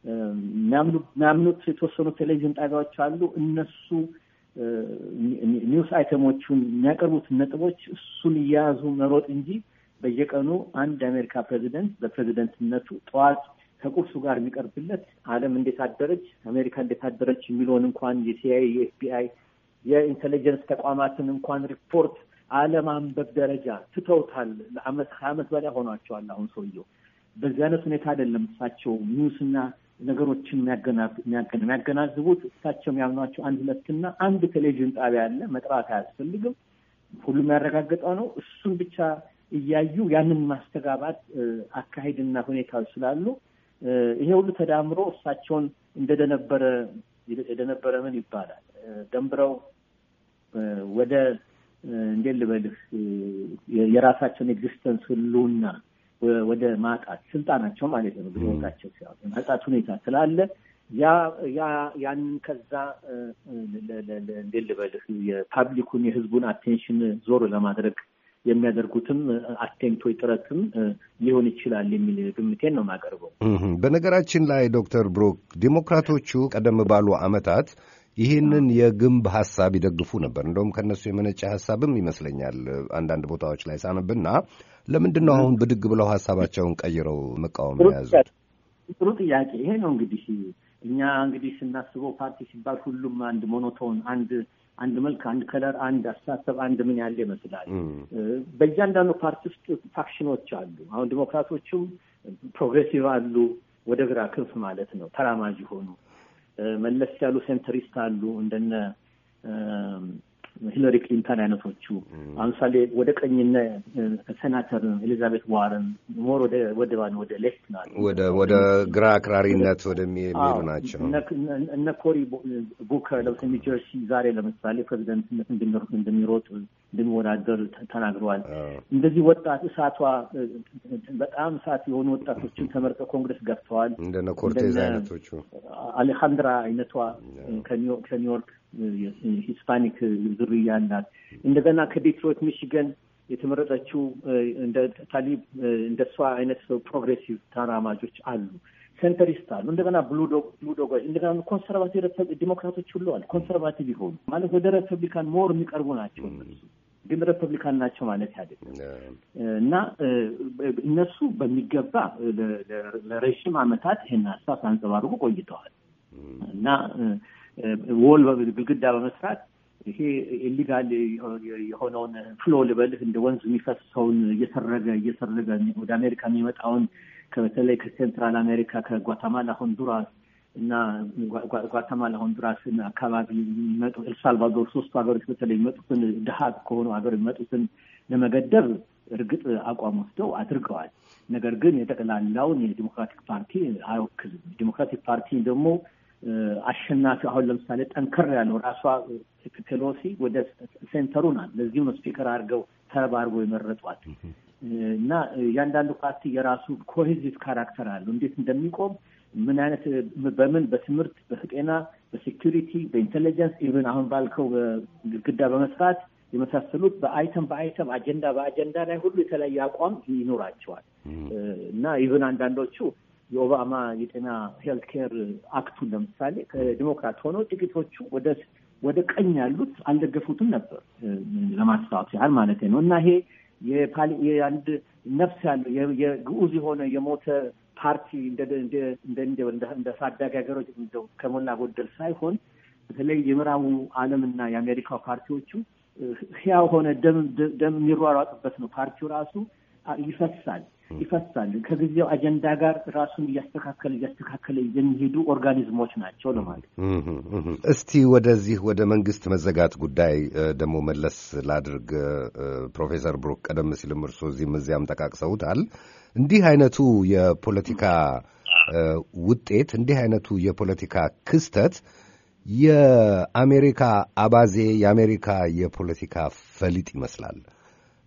የሚያምኑት የተወሰኑ ቴሌቪዥን ጣቢያዎች አሉ እነሱ ኒውስ አይተሞቹን የሚያቀርቡት ነጥቦች እሱን እያያዙ መሮጥ እንጂ በየቀኑ አንድ የአሜሪካ ፕሬዚደንት በፕሬዚደንትነቱ ጠዋት ከቁርሱ ጋር የሚቀርብለት ዓለም እንዴት አደረች፣ አሜሪካ እንዴት አደረች የሚለውን እንኳን የሲአይኤ የኤፍቢአይ የኢንቴሊጀንስ ተቋማትን እንኳን ሪፖርት አለማንበብ ደረጃ ትተውታል። ለአመት ከአመት በላይ ሆኗቸዋል። አሁን ሰውየው በዚህ አይነት ሁኔታ አይደለም እሳቸው ኒውስና ነገሮችን የሚያገናዝቡት እሳቸው የሚያምኗቸው አንድ ሁለትና አንድ ቴሌቪዥን ጣቢያ አለ። መጥራት አያስፈልግም። ሁሉም ያረጋገጠው ነው። እሱን ብቻ እያዩ ያንን ማስተጋባት አካሄድና ሁኔታዎች ስላሉ ይሄ ሁሉ ተዳምሮ እሳቸውን እንደደነበረ የደነበረ ምን ይባላል ደንብረው ወደ እንዴት ልበልህ የራሳቸውን ኤግዚስተንስ ሁሉና ወደ ማጣት ስልጣናቸው ማለት ነው እንግዲህ ማጣት ሁኔታ ስላለ ያንን ከዛ እንዴት ልበልህ የፓብሊኩን የህዝቡን አቴንሽን ዞር ለማድረግ የሚያደርጉትም አቴንቶች ጥረትም ሊሆን ይችላል የሚል ግምቴን ነው የማቀርበው። በነገራችን ላይ ዶክተር ብሩክ ዲሞክራቶቹ ቀደም ባሉ አመታት። ይህንን የግንብ ሀሳብ ይደግፉ ነበር። እንደውም ከእነሱ የመነጨ ሀሳብም ይመስለኛል አንዳንድ ቦታዎች ላይ ሳነብና ለምንድን ነው አሁን ብድግ ብለው ሀሳባቸውን ቀይረው መቃወም የያዙት? ጥሩ ጥያቄ። ይሄ ነው እንግዲህ እኛ እንግዲህ ስናስበው ፓርቲ ሲባል ሁሉም አንድ ሞኖቶን፣ አንድ አንድ መልክ፣ አንድ ከለር፣ አንድ አስተሳሰብ፣ አንድ ምን ያለ ይመስላል። በእያንዳንዱ ፓርቲ ውስጥ ፋክሽኖች አሉ። አሁን ዲሞክራቶቹም ፕሮግሬሲቭ አሉ፣ ወደ ግራ ክንፍ ማለት ነው ተራማጅ ሆኑ መለስ ያሉ ሴንተሪስት አሉ እንደነ ሂለሪ ክሊንተን አይነቶቹ። ለምሳሌ ወደ ቀኝነ ሴናተር ኤሊዛቤት ዋረን ሞር ወደ ወደ ሌፍት ወደ ግራ አክራሪነት ወደሚሄዱ ናቸው። እነ ኮሪ ቡከር ለምሳሌ ኒውጀርሲ ዛሬ ለምሳሌ ፕሬዚደንትነት እንደሚሮጡ እንደሚወዳደር ተናግረዋል። እንደዚህ ወጣት እሳቷ በጣም እሳት የሆኑ ወጣቶችን ተመርጠው ኮንግረስ ገብተዋል። እንደነ ኮርቴዝ አይነቶቹ አሌካንድራ አይነቷ ከኒውዮርክ ሂስፓኒክ ዝርያ እናት እንደገና ከዴትሮይት ሚሽገን የተመረጠችው እንደ ታሊብ እንደ እሷ አይነት ፕሮግሬሲቭ ተራማጆች አሉ። ሴንተሪስት አሉ። እንደገና ብሉዶጎች እንደገና ኮንሰርቫቲቭ ዲሞክራቶች ሁሉ አሉ። ኮንሰርቫቲቭ የሆኑ ማለት ወደ ሪፐብሊካን ሞር የሚቀርቡ ናቸው እነሱ ግን ሪፐብሊካን ናቸው ማለት አይደለም እና እነሱ በሚገባ ለረዥም ዓመታት ይህን ሀሳብ ሳንጸባርቁ ቆይተዋል እና ወል ግድግዳ በመስራት ይሄ ኢሊጋል የሆነውን ፍሎ ልበልህ እንደ ወንዝ የሚፈሰውን እየሰረገ እየሰረገ ወደ አሜሪካ የሚመጣውን በተለይ ከሴንትራል አሜሪካ ከጓተማላ፣ ሆንዱራስ እና ጓተማላ፣ ሆንዱራስን አካባቢ የሚመጡ ኤልሳልቫዶር ሶስቱ ሀገሮች በተለይ የሚመጡትን ድሀ ከሆኑ ሀገር የሚመጡትን ለመገደብ እርግጥ አቋም ወስደው አድርገዋል። ነገር ግን የጠቅላላውን የዲሞክራቲክ ፓርቲ አይወክልም። ዲሞክራቲክ ፓርቲ ደግሞ አሸናፊ አሁን ለምሳሌ ጠንከር ያለው ራሷ ፔሎሲ ወደ ሴንተሩ ናት። ለዚህም ነው ስፒከር አድርገው ተረባርበው የመረጧት እና እያንዳንዱ ፓርቲ የራሱ ኮሄዚቭ ካራክተር አለው እንዴት እንደሚቆም ምን አይነት በምን በትምህርት፣ በጤና፣ በሴኪሪቲ፣ በኢንቴሊጀንስ ኢቨን አሁን ባልከው ግድግዳ በመስራት የመሳሰሉት በአይተም በአይተም አጀንዳ በአጀንዳ ላይ ሁሉ የተለያየ አቋም ይኖራቸዋል እና ኢቨን አንዳንዶቹ የኦባማ የጤና ሄልት ኬር አክቱን ለምሳሌ ከዲሞክራት ሆኖ ጥቂቶቹ ወደ ወደ ቀኝ ያሉት አልደገፉትም ነበር ለማስታወስ ያህል ማለት ነው እና ይሄ የአንድ ነፍስ ያለው የግዑዝ የሆነ የሞተ ፓርቲ እንደ ታዳጊ ሀገሮች እንደው ከሞላ ጎደል ሳይሆን በተለይ የምዕራቡ እና የአሜሪካው ፓርቲዎቹ ሕያው ሆነ ደም የሚሯሯጥበት ነው። ፓርቲው ራሱ ይፈሳል። ይፈሳሉ። ከጊዜው አጀንዳ ጋር ራሱን እያስተካከለ እያስተካከለ የሚሄዱ ኦርጋኒዝሞች ናቸው ለማለት። እስቲ ወደዚህ ወደ መንግስት መዘጋት ጉዳይ ደግሞ መለስ ላድርግ። ፕሮፌሰር ብሩክ ቀደም ሲልም እርሶ እዚህም እዚያም ጠቃቅሰውታል። እንዲህ አይነቱ የፖለቲካ ውጤት እንዲህ አይነቱ የፖለቲካ ክስተት የአሜሪካ አባዜ የአሜሪካ የፖለቲካ ፈሊጥ ይመስላል።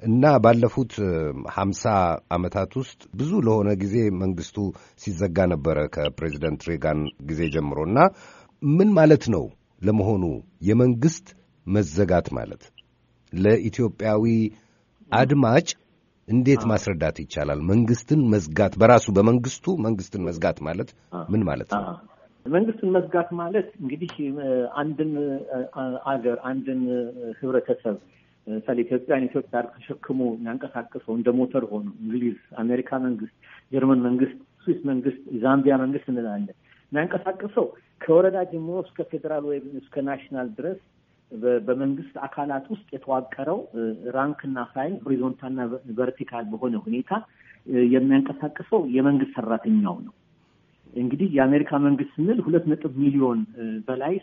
እና ባለፉት ሀምሳ ዓመታት ውስጥ ብዙ ለሆነ ጊዜ መንግስቱ ሲዘጋ ነበረ ከፕሬዚደንት ሬጋን ጊዜ ጀምሮ እና ምን ማለት ነው ለመሆኑ የመንግስት መዘጋት ማለት ለኢትዮጵያዊ አድማጭ እንዴት ማስረዳት ይቻላል? መንግስትን መዝጋት በራሱ በመንግስቱ መንግስትን መዝጋት ማለት ምን ማለት ነው? መንግስትን መዝጋት ማለት እንግዲህ አንድን አገር አንድን ህብረተሰብ ለምሳሌ ኢትዮጵያን ኢትዮጵያ ተሸክሞ የሚያንቀሳቅሰው እንደ ሞተር ሆኖ እንግሊዝ፣ አሜሪካ መንግስት፣ ጀርመን መንግስት፣ ስዊስ መንግስት፣ ዛምቢያ መንግስት እንላለን የሚያንቀሳቅሰው ከወረዳ ጀምሮ እስከ ፌዴራል ወይም እስከ ናሽናል ድረስ በመንግስት አካላት ውስጥ የተዋቀረው ራንክና ፋይል ሆሪዞንታልና ቨርቲካል በሆነ ሁኔታ የሚያንቀሳቅሰው የመንግስት ሰራተኛው ነው። እንግዲህ የአሜሪካ መንግስት ስንል ሁለት ነጥብ ሚሊዮን በላይ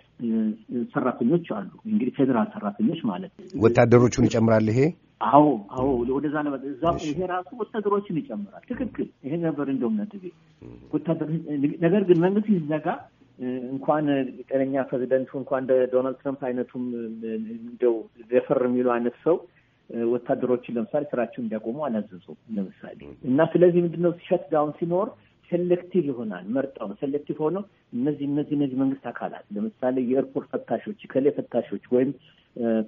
ሰራተኞች አሉ። እንግዲህ ፌዴራል ሰራተኞች ማለት ነው። ወታደሮቹን ይጨምራል ይሄ? አዎ አዎ፣ ወደዛ እዛ ይሄ ራሱ ወታደሮችን ይጨምራል። ትክክል። ይሄ ነበር እንደውም ነጥቤ። ነገር ግን መንግስት ሲዘጋ እንኳን ቀነኛ ፕሬዚደንቱ እንኳን ዶናልድ ትራምፕ አይነቱም እንደው ዘፈር የሚሉ አይነት ሰው ወታደሮችን ለምሳሌ ስራቸውን እንዲያቆሙ አላዘዙም። ለምሳሌ እና ስለዚህ ምንድነው ሸት ዳውን ሲኖር ሴሌክቲቭ ይሆናል። መርጠው ሴሌክቲቭ ሆነው እነዚህ እነዚህ እነዚህ መንግስት አካላት ለምሳሌ የኤርፖርት ፈታሾች፣ ከሌ ፈታሾች ወይም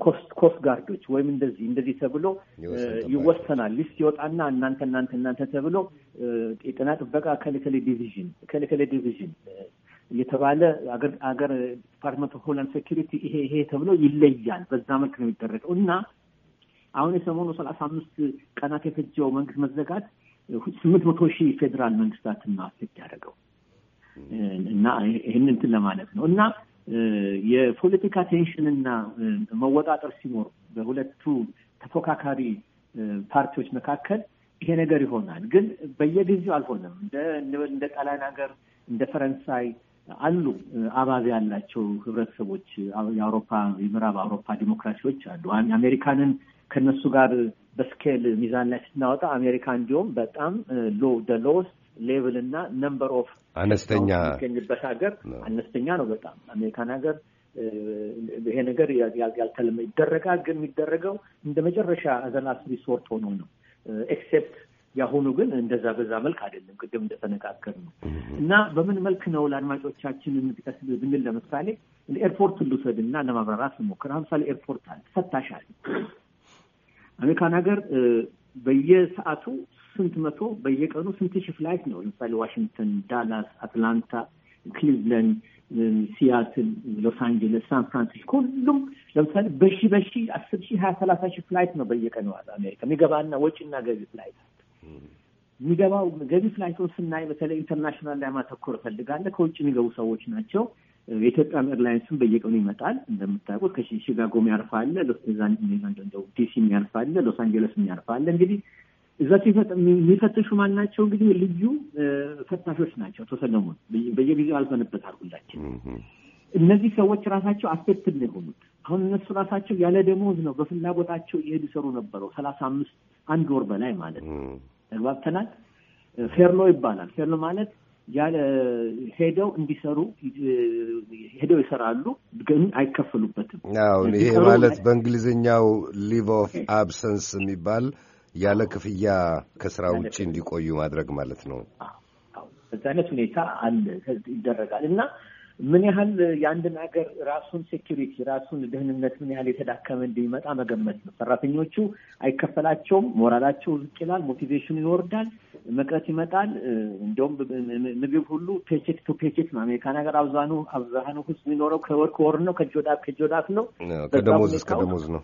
ኮስት ኮስት ጋርዶች ወይም እንደዚህ እንደዚህ ተብሎ ይወሰናል። ሊስት ይወጣና እናንተ እናንተ እናንተ ተብሎ የጤና ጥበቃ ከሌከሌ ዲቪዥን ከሌከሌ ዲቪዥን የተባለ አገር አገር ዲፓርትመንት ኦፍ ሆላንድ ሴኪሪቲ ይሄ ይሄ ተብሎ ይለያል። በዛ መልክ ነው የሚደረገው እና አሁን የሰሞኑ ሰላሳ አምስት ቀናት የፈጀው መንግስት መዘጋት ስምንት መቶ ሺህ ፌዴራል መንግስታትን ማስት ያደረገው እና ይህን እንትን ለማለት ነው እና የፖለቲካ እና መወጣጠር ሲኖር በሁለቱ ተፎካካሪ ፓርቲዎች መካከል ይሄ ነገር ይሆናል። ግን በየጊዜው አልሆነም። እንደ ጣሊያን ሀገር፣ እንደ ፈረንሳይ አሉ አባቢ ያላቸው ህብረተሰቦች የአውሮፓ የምዕራብ አውሮፓ ዲሞክራሲዎች አሉ። አሜሪካንን ከነሱ ጋር በስኬል ሚዛን ላይ ስናወጣ አሜሪካ እንዲሁም በጣም ሎ ደሎስ ሌቭል እና ነምበር ኦፍ አነስተኛ የሚገኝበት ሀገር አነስተኛ ነው። በጣም አሜሪካን ሀገር ይሄ ነገር ያልተለመ ይደረጋል። ግን የሚደረገው እንደ መጨረሻ አዘላስ ሪሶርት ሆኖ ነው። ኤክሴፕት ያሁኑ ግን እንደዛ በዛ መልክ አይደለም። ቅድም እንደተነጋገር ነው እና በምን መልክ ነው ለአድማጮቻችን እንጥቀስ ብንል ለምሳሌ ኤርፖርት ልውሰድ እና ለማብራራት ስሞክር፣ ለምሳሌ ኤርፖርት አለ፣ ፈታሽ አለ አሜሪካን ሀገር በየሰዓቱ ስንት መቶ በየቀኑ ስንት ሺህ ፍላይት ነው ለምሳሌ ዋሽንግተን፣ ዳላስ፣ አትላንታ፣ ክሊቭለንድ፣ ሲያትል፣ ሎስ አንጀለስ፣ ሳን ፍራንሲስኮ ሁሉም ለምሳሌ በሺ በሺ አስር ሺህ ሀያ ሰላሳ ሺህ ፍላይት ነው በየቀኑ አሜሪካ የሚገባና ወጪና ገቢ ፍላይት የሚገባው ገቢ ፍላይቶን ስናይ በተለይ ኢንተርናሽናል ላይ ማተኮር እፈልጋለሁ። ከውጭ የሚገቡ ሰዎች ናቸው። የኢትዮጵያ ኤርላይንስም በየቀኑ ይመጣል። እንደምታውቁት ከሺካጎ የሚያርፍ አለ፣ ዲሲ ያርፋለ፣ ሎስ አንጀለስ ያርፋለ። እንግዲህ እዛ የሚፈትሹ ማን ናቸው? እንግዲህ ልዩ ፈታሾች ናቸው። ተሰለሞን በየጊዜው አልፈንበታል ሁላችን። እነዚህ ሰዎች ራሳቸው አፌክትድ ነው የሆኑት። አሁን እነሱ ራሳቸው ያለ ደሞዝ ነው በፍላጎታቸው እየሄዱ ይሰሩ ነበረው ሰላሳ አምስት አንድ ወር በላይ ማለት ነው። ተግባብተናል። ፌርሎ ይባላል። ፌርሎ ማለት ያለ ሄደው እንዲሰሩ ሄደው ይሰራሉ፣ ግን አይከፈሉበትም። አሁን ይሄ ማለት በእንግሊዝኛው ሊቭ ኦፍ አብሰንስ የሚባል ያለ ክፍያ ከስራ ውጭ እንዲቆዩ ማድረግ ማለት ነው። በዛ አይነት ሁኔታ አለ ይደረጋል እና ምን ያህል የአንድን ሀገር ራሱን ሴኪሪቲ ራሱን ደህንነት ምን ያህል የተዳከመ እንደሚመጣ መገመት ነው። ሰራተኞቹ አይከፈላቸውም፣ ሞራላቸው ዝቅ ይላል፣ ሞቲቬሽኑ ይወርዳል፣ መቅረት ይመጣል። እንዲሁም ምግብ ሁሉ ፔቼክ ቱ ፔቼክ ነው። አሜሪካን ሀገር አብዛኑ አብዛኑ ህዝብ የሚኖረው ከወር ከወር ነው፣ ከእጅ ወደ ከእጅ ወደ አፍ ነው፣ ከደሞዝ እስከ ደሞዝ ነው፣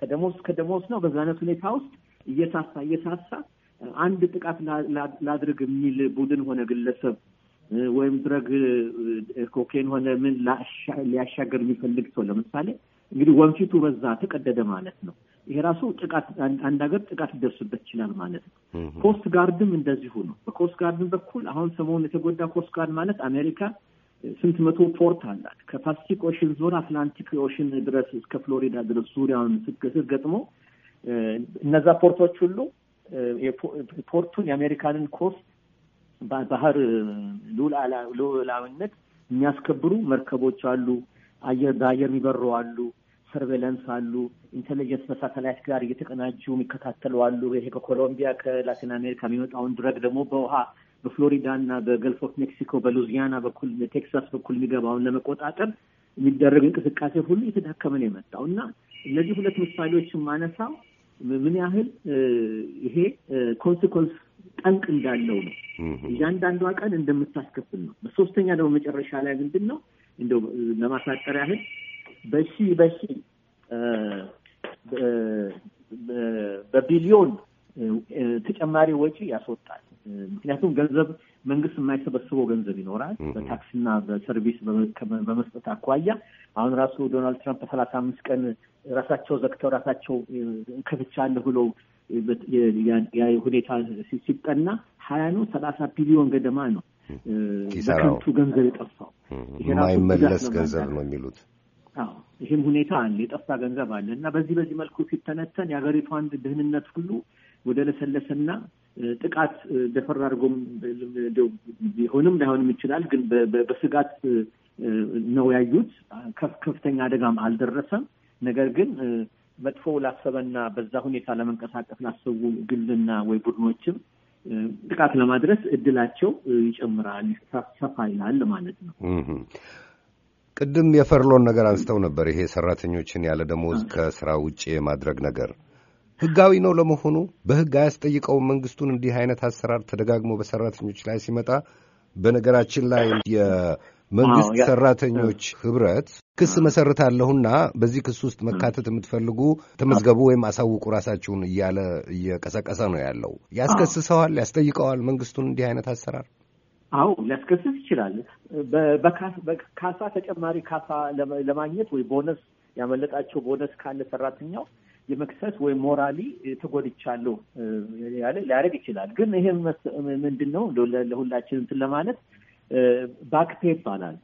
ከደሞዝ እስከ ደሞዝ ነው። በዛ አይነት ሁኔታ ውስጥ እየሳሳ እየሳሳ አንድ ጥቃት ላድርግ የሚል ቡድን ሆነ ግለሰብ ወይም ድረግ ኮኬን ሆነ ምን ሊያሻገር የሚፈልግ ሰው ለምሳሌ እንግዲህ ወንፊቱ በዛ ተቀደደ ማለት ነው። ይሄ ራሱ ጥቃት አንድ ሀገር ጥቃት ሊደርስበት ይችላል ማለት ነው። ኮስት ጋርድም እንደዚሁ ነው። በኮስት ጋርድም በኩል አሁን ሰሞኑን የተጎዳ ኮስት ጋርድ ማለት አሜሪካ ስንት መቶ ፖርት አላት። ከፓሲፊክ ኦሽን ዞን አትላንቲክ ኦሽን ድረስ እስከ ፍሎሪዳ ድረስ ዙሪያውን ገጥሞ እነዛ ፖርቶች ሁሉ ፖርቱን የአሜሪካንን ኮስት ባህር ሉዓላዊነት የሚያስከብሩ መርከቦች አሉ። አየር በአየር የሚበሩ አሉ። ሰርቬለንስ አሉ። ኢንቴሊጀንስ በሳተላይት ጋር እየተቀናጁ የሚከታተሉ አሉ። ይሄ ከኮሎምቢያ ከላቲን አሜሪካ የሚመጣውን ድረግ ደግሞ በውሃ በፍሎሪዳ እና በገልፍ ኦፍ ሜክሲኮ በሉዚያና በኩል ቴክሳስ በኩል የሚገባውን ለመቆጣጠር የሚደረግ እንቅስቃሴ ሁሉ እየተዳከመ ነው የመጣው እና እነዚህ ሁለት ምሳሌዎች ማነሳው ምን ያህል ይሄ ኮንስኮንስ ጠንቅ እንዳለው ነው። እያንዳንዷ ቀን እንደምታስከፍል ነው። በሶስተኛ ደግሞ መጨረሻ ላይ ምንድን ነው እንደው ለማሳጠር ያህል በሺ በሺ በቢሊዮን ተጨማሪ ወጪ ያስወጣል። ምክንያቱም ገንዘብ መንግስት የማይሰበስበው ገንዘብ ይኖራል። በታክስና በሰርቪስ በመስጠት አኳያ አሁን ራሱ ዶናልድ ትራምፕ በሰላሳ አምስት ቀን ራሳቸው ዘግተው ራሳቸው ከፍቻለሁ ብሎ ሁኔታ ሲጠና ሀያ ነው ሰላሳ ቢሊዮን ገደማ ነው በከንቱ ገንዘብ የጠፋው። የማይመለስ ገንዘብ ነው የሚሉት። አዎ ይህም ሁኔታ አለ፣ የጠፋ ገንዘብ አለ እና በዚህ በዚህ መልኩ ሲተነተን የሀገሪቱ አንድ ድህንነት ሁሉ ወደ ለሰለሰና ጥቃት ደፈር አድርጎም ቢሆንም ላይሆንም ይችላል፣ ግን በስጋት ነው ያዩት። ከፍተኛ አደጋም አልደረሰም። ነገር ግን መጥፎ ላሰበና በዛ ሁኔታ ለመንቀሳቀስ ላሰቡ ግልና ወይ ቡድኖችም ጥቃት ለማድረስ እድላቸው ይጨምራል፣ ሰፋ ይላል ማለት ነው። ቅድም የፈርሎን ነገር አንስተው ነበር። ይሄ ሰራተኞችን ያለ ደሞዝ ከስራ ውጭ የማድረግ ነገር ህጋዊ ነው ለመሆኑ? በህግ አያስጠይቀውም? መንግስቱን እንዲህ አይነት አሰራር ተደጋግሞ በሰራተኞች ላይ ሲመጣ በነገራችን ላይ መንግስት ሰራተኞች ህብረት ክስ መሰርታለሁና በዚህ ክስ ውስጥ መካተት የምትፈልጉ ተመዝገቡ ወይም አሳውቁ ራሳችሁን እያለ እየቀሰቀሰ ነው ያለው። ያስከስሰዋል፣ ያስጠይቀዋል መንግስቱን እንዲህ አይነት አሰራር አዎ ሊያስከስስ ይችላል። በካሳ ተጨማሪ ካሳ ለማግኘት ወይ ቦነስ ያመለጣቸው ቦነስ ካለ ሰራተኛው የመክሰስ ወይ ሞራሊ ተጎድቻለሁ ያለ ሊያደርግ ይችላል። ግን ይሄ ምንድን ነው ለሁላችን እንትን ለማለት ባክፔ ይባላል።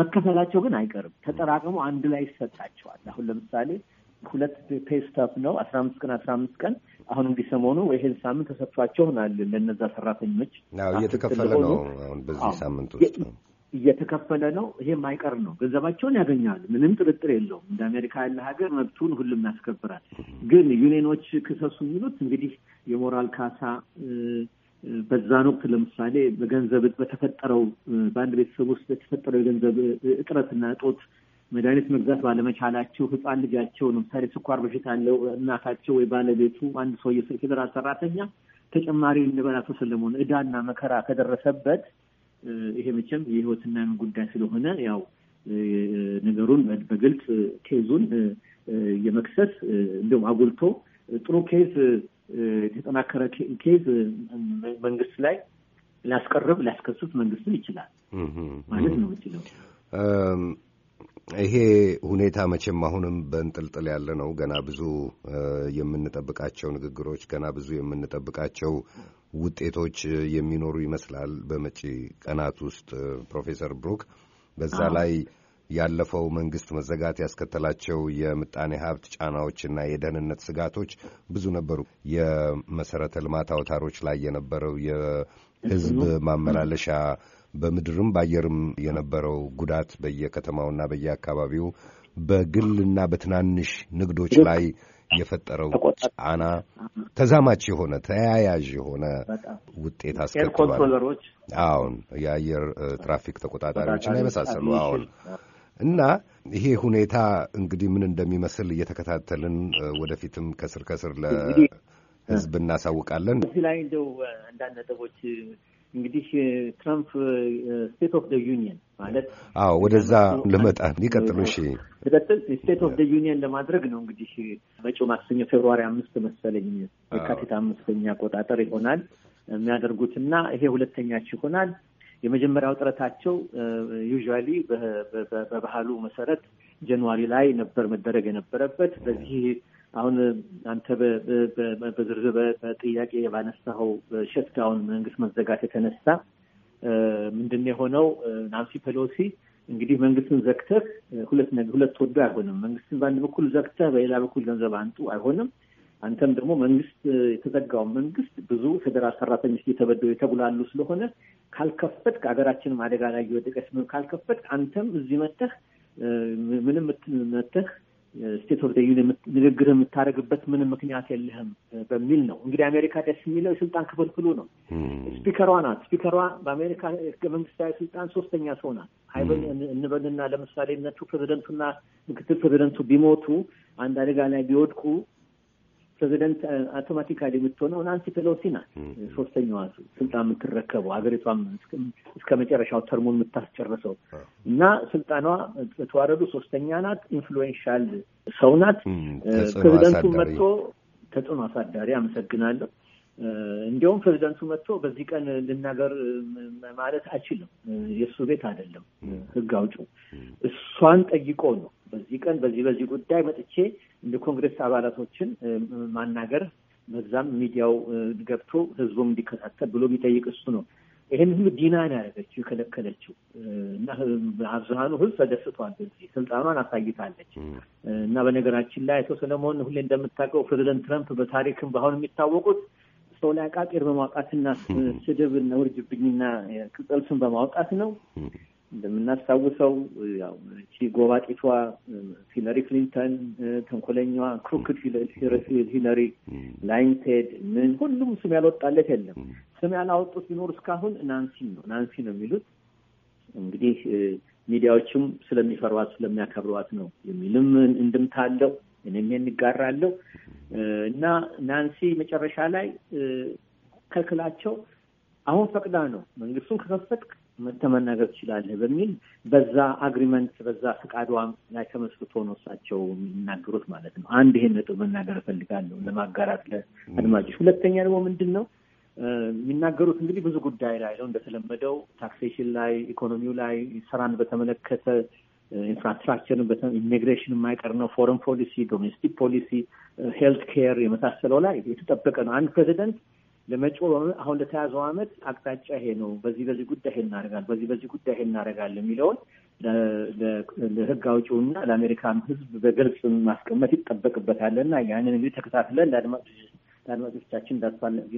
መከፈላቸው ግን አይቀርም። ተጠራቅሞ አንድ ላይ ይሰጣቸዋል። አሁን ለምሳሌ ሁለት ፔስታፕ ነው አስራ አምስት ቀን አስራ አምስት ቀን አሁን እንግዲህ ሰሞኑ ይሄን ሳምንት ተሰጥቷቸው ሆናል። ለነዛ ሰራተኞች እየተከፈለ ነው። አሁን በዚህ ሳምንት ውስጥ እየተከፈለ ነው። ይሄ የማይቀር ነው። ገንዘባቸውን ያገኛሉ። ምንም ጥርጥር የለውም። እንደ አሜሪካ ያለ ሀገር መብቱን ሁሉም ያስከብራል። ግን ዩኔኖች ክሰሱ የሚሉት እንግዲህ የሞራል ካሳ በዛን ወቅት ለምሳሌ በገንዘብ በተፈጠረው በአንድ ቤተሰብ ውስጥ በተፈጠረው የገንዘብ እጥረትና እጦት መድኃኒት መግዛት ባለመቻላቸው ህፃን ልጃቸው ለምሳሌ ስኳር በሽታ ያለው እናታቸው ወይ ባለቤቱ አንድ ሰው የፌዴራል ሰራተኛ ተጨማሪ እንበል አቶ ሰለሞን እዳና መከራ ከደረሰበት ይሄ መቼም የህይወትና ጉዳይ ስለሆነ ያው ነገሩን በግልጽ ኬዙን የመክሰስ እንዲሁም አጉልቶ ጥሩ ኬዝ የተጠናከረ ኬዝ መንግስት ላይ ሊያስቀርብ ሊያስከሱት መንግስት ይችላል ማለት ነው የሚችለው። ይሄ ሁኔታ መቼም አሁንም በእንጥልጥል ያለ ነው። ገና ብዙ የምንጠብቃቸው ንግግሮች፣ ገና ብዙ የምንጠብቃቸው ውጤቶች የሚኖሩ ይመስላል በመጪ ቀናት ውስጥ ፕሮፌሰር ብሩክ በዛ ላይ ያለፈው መንግስት መዘጋት ያስከተላቸው የምጣኔ ሀብት ጫናዎችና የደህንነት ስጋቶች ብዙ ነበሩ። የመሰረተ ልማት አውታሮች ላይ የነበረው የህዝብ ማመላለሻ በምድርም በአየርም የነበረው ጉዳት በየከተማውና በየአካባቢው በግልና በትናንሽ ንግዶች ላይ የፈጠረው ጫና ተዛማች የሆነ ተያያዥ የሆነ ውጤት አስከትሏል። አሁን የአየር ትራፊክ ተቆጣጣሪዎችና የመሳሰሉ አሁን እና ይሄ ሁኔታ እንግዲህ ምን እንደሚመስል እየተከታተልን ወደፊትም ከስር ከስር ለህዝብ እናሳውቃለን። እዚህ ላይ እንደው አንዳንድ ነጥቦች እንግዲህ ትራምፕ ስቴት ኦፍ ደ ዩኒየን ማለት አዎ፣ ወደዛ ልመጣ ሊቀጥሉ እሺ፣ ልቀጥል። ስቴት ኦፍ ደ ዩኒየን ለማድረግ ነው እንግዲህ መጪው ማክሰኞ ፌብርዋሪ አምስት መሰለኝ የካቲት አምስተኛ አቆጣጠር ይሆናል የሚያደርጉት እና ይሄ ሁለተኛች ይሆናል። የመጀመሪያው ጥረታቸው ዩዥዋሊ በባህሉ መሰረት ጀንዋሪ ላይ ነበር መደረግ የነበረበት። በዚህ አሁን አንተ በዝርዝር በጥያቄ ባነሳኸው ሸትዳውን መንግስት መዘጋት የተነሳ ምንድን የሆነው ናንሲ ፔሎሲ እንግዲህ መንግስትን ዘግተህ ሁለት ሁለት ወዶ አይሆንም። መንግስትን በአንድ በኩል ዘግተህ በሌላ በኩል ገንዘብ አንጡ አይሆንም። አንተም ደግሞ መንግስት የተዘጋው መንግስት ብዙ ፌዴራል ሰራተኞች እየተበደው የተጉላሉ ስለሆነ ካልከፈትክ ሀገራችንም አደጋ ላይ እየወደቀ ነው። ካልከፈትክ አንተም እዚህ መተህ ምንም መተህ ስቴት ኦፍ ዩኒየን ንግግር የምታደርግበት ምንም ምክንያት የለህም በሚል ነው። እንግዲህ አሜሪካ ደስ የሚለው የስልጣን ክፍልፍሉ ነው። ስፒከሯ ናት። ስፒከሯ በአሜሪካ ህገ መንግስታዊ ስልጣን ሶስተኛ ሰው ናት። ሀይበን እንበልና ለምሳሌ ነቱ ፕሬዚደንቱና ምክትል ፕሬዚደንቱ ቢሞቱ አንድ አደጋ ላይ ቢወድቁ ፕሬዚደንት አውቶማቲካሊ የምትሆነው ናንሲ ፔሎሲ ናት። ሶስተኛዋ ስልጣን የምትረከበው ሀገሪቷም እስከ መጨረሻው ተርሞ የምታስጨርሰው እና ስልጣኗ በተዋረዱ ሶስተኛ ናት። ኢንፍሉዌንሻል ሰው ናት። ፕሬዚደንቱ መጥቶ ተጽዕኖ አሳዳሪ አመሰግናለሁ። እንዲሁም ፕሬዚደንቱ መጥቶ በዚህ ቀን ልናገር ማለት አይችልም። የእሱ ቤት አይደለም ህግ አውጪው እሷን ጠይቆ ነው በዚህ ቀን በዚህ በዚህ ጉዳይ መጥቼ እንደ ኮንግረስ አባላቶችን ማናገር በዛም ሚዲያው ገብቶ ህዝቡም እንዲከታተል ብሎ የሚጠይቅ እሱ ነው። ይህን ሁሉ ዲናን ያደረገችው የከለከለችው እና አብዛኑ ህዝብ ተደስቷል። በዚህ ስልጣኗን አሳይታለች እና በነገራችን ላይ አቶ ሰለሞን ሁሌ እንደምታውቀው ፕሬዚደንት ትረምፕ በታሪክም በአሁን የሚታወቁት ሰው ላይ አቃቂር በማውጣትና ስድብ ውርጅብኝና ቅጽል ስም በማውጣት ነው። እንደምናስታውሰው ያው እቺ ጎባጢቷ ሂለሪ ክሊንተን፣ ተንኮለኛዋ ክሩክድ ሂለሪ፣ ላይንቴድ ምን ሁሉም ስም ያልወጣለት የለም። ስም ያላወጡት ቢኖር እስካሁን ናንሲን ነው ናንሲ ነው የሚሉት። እንግዲህ ሚዲያዎችም ስለሚፈሯት ስለሚያከብሯት ነው የሚልም እንድምታ አለው። እኔም እንጋራለሁ እና ናንሲ መጨረሻ ላይ ከክላቸው አሁን ፈቅዳ ነው መንግስቱን ከከፈትክ መተመናገር መናገር ትችላለህ በሚል በዛ አግሪመንት በዛ ፍቃዷ ላይ ተመስርቶ ነው እሳቸው የሚናገሩት ማለት ነው። አንድ ይሄን ነጥብ መናገር እፈልጋለሁ ለማጋራት ለአድማጮች። ሁለተኛ ደግሞ ምንድን ነው የሚናገሩት እንግዲህ ብዙ ጉዳይ ላይ ነው እንደተለመደው ታክሴሽን ላይ፣ ኢኮኖሚው ላይ፣ ስራን በተመለከተ ኢንፍራስትራክቸርን፣ ኢሚግሬሽን የማይቀር ነው፣ ፎረን ፖሊሲ፣ ዶሜስቲክ ፖሊሲ፣ ሄልት ኬር የመሳሰለው ላይ የተጠበቀ ነው። አንድ ፕሬዚደንት ለመጪው አሁን ለተያዘው ዓመት አቅጣጫ ይሄ ነው፣ በዚህ በዚህ ጉዳይ ይሄ እናደርጋለን፣ በዚህ በዚህ ጉዳይ ይሄ እናደርጋለን የሚለውን ለሕግ አውጪውና ለአሜሪካን ህዝብ በግልጽ ማስቀመጥ ይጠበቅበታል እና ያንን እንግዲህ ተከታትለን ለአድማጮቻችን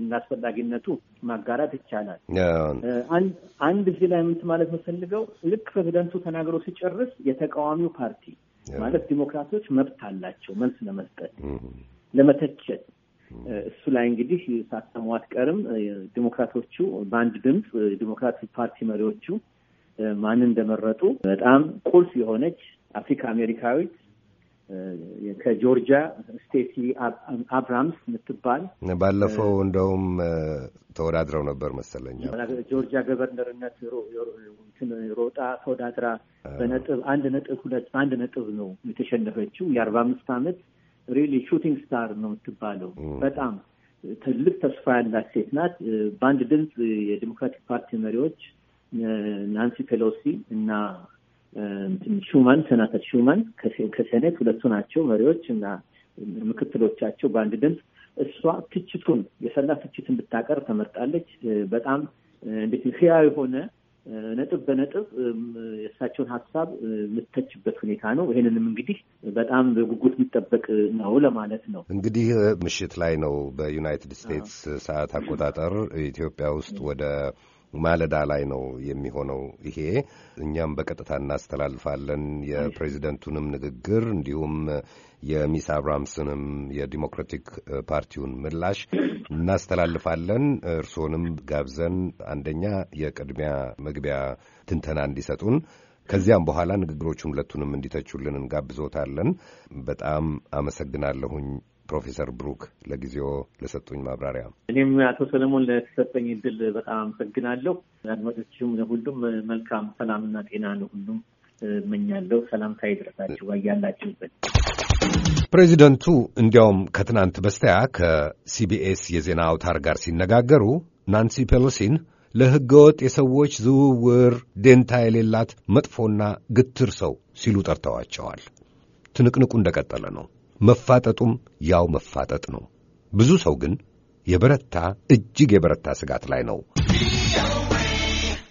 እንዳስፈላጊነቱ ማጋራት ይቻላል። አንድ እዚህ ላይ ምት ማለት የምፈልገው ልክ ፕሬዚደንቱ ተናግሮ ሲጨርስ የተቃዋሚው ፓርቲ ማለት ዲሞክራቶች መብት አላቸው መልስ ለመስጠት ለመተቸት እሱ ላይ እንግዲህ ሳትሰሙ አትቀርም። ዲሞክራቶቹ በአንድ ድምፅ ዲሞክራቲክ ፓርቲ መሪዎቹ ማንን እንደመረጡ በጣም ቁልፍ የሆነች አፍሪካ አሜሪካዊት ከጆርጂያ ስቴሲ አብራምስ የምትባል ባለፈው እንደውም ተወዳድረው ነበር መሰለኛ ጆርጂያ ገቨርነርነት ሮጣ ተወዳድራ በነጥብ አንድ ነጥብ ሁለት አንድ ነጥብ ነው የተሸነፈችው የአርባ አምስት አመት ሪሊ ሹቲንግ ስታር ነው የምትባለው። በጣም ትልቅ ተስፋ ያላት ሴት ናት። በአንድ ድምፅ የዲሞክራቲክ ፓርቲ መሪዎች ናንሲ ፔሎሲ እና ሹማን ሴናተር ሹማን ከሴኔት ሁለቱ ናቸው መሪዎች እና ምክትሎቻቸው በአንድ ድምፅ እሷ ትችቱን የሰላ ትችትን ብታቀር ተመርጣለች። በጣም እንዴት ህያ የሆነ ነጥብ በነጥብ የእሳቸውን ሀሳብ የምተችበት ሁኔታ ነው። ይህንንም እንግዲህ በጣም በጉጉት የሚጠበቅ ነው ለማለት ነው። እንግዲህ ምሽት ላይ ነው በዩናይትድ ስቴትስ ሰዓት አቆጣጠር ኢትዮጵያ ውስጥ ወደ ማለዳ ላይ ነው የሚሆነው። ይሄ እኛም በቀጥታ እናስተላልፋለን የፕሬዚደንቱንም ንግግር እንዲሁም የሚስ አብራምስንም የዲሞክራቲክ ፓርቲውን ምላሽ እናስተላልፋለን። እርስዎንም ጋብዘን አንደኛ የቅድሚያ መግቢያ ትንተና እንዲሰጡን ከዚያም በኋላ ንግግሮቹን ሁለቱንም እንዲተቹልን እንጋብዞታለን። በጣም አመሰግናለሁኝ። ፕሮፌሰር ብሩክ ለጊዜው ለሰጡኝ ማብራሪያ። እኔም አቶ ሰለሞን ለተሰጠኝ እድል በጣም አመሰግናለሁ። አድማጮችም ሁሉም መልካም ሰላምና ጤና ለሁሉም እመኛለሁ። ሰላምታ ይድረሳችሁ ያላችሁበት። ፕሬዚደንቱ እንዲያውም ከትናንት በስቲያ ከሲቢኤስ የዜና አውታር ጋር ሲነጋገሩ ናንሲ ፔሎሲን ለሕገወጥ የሰዎች ዝውውር ደንታ የሌላት መጥፎና ግትር ሰው ሲሉ ጠርተዋቸዋል። ትንቅንቁ እንደቀጠለ ነው። መፋጠጡም ያው መፋጠጥ ነው። ብዙ ሰው ግን የበረታ እጅግ የበረታ ስጋት ላይ ነው።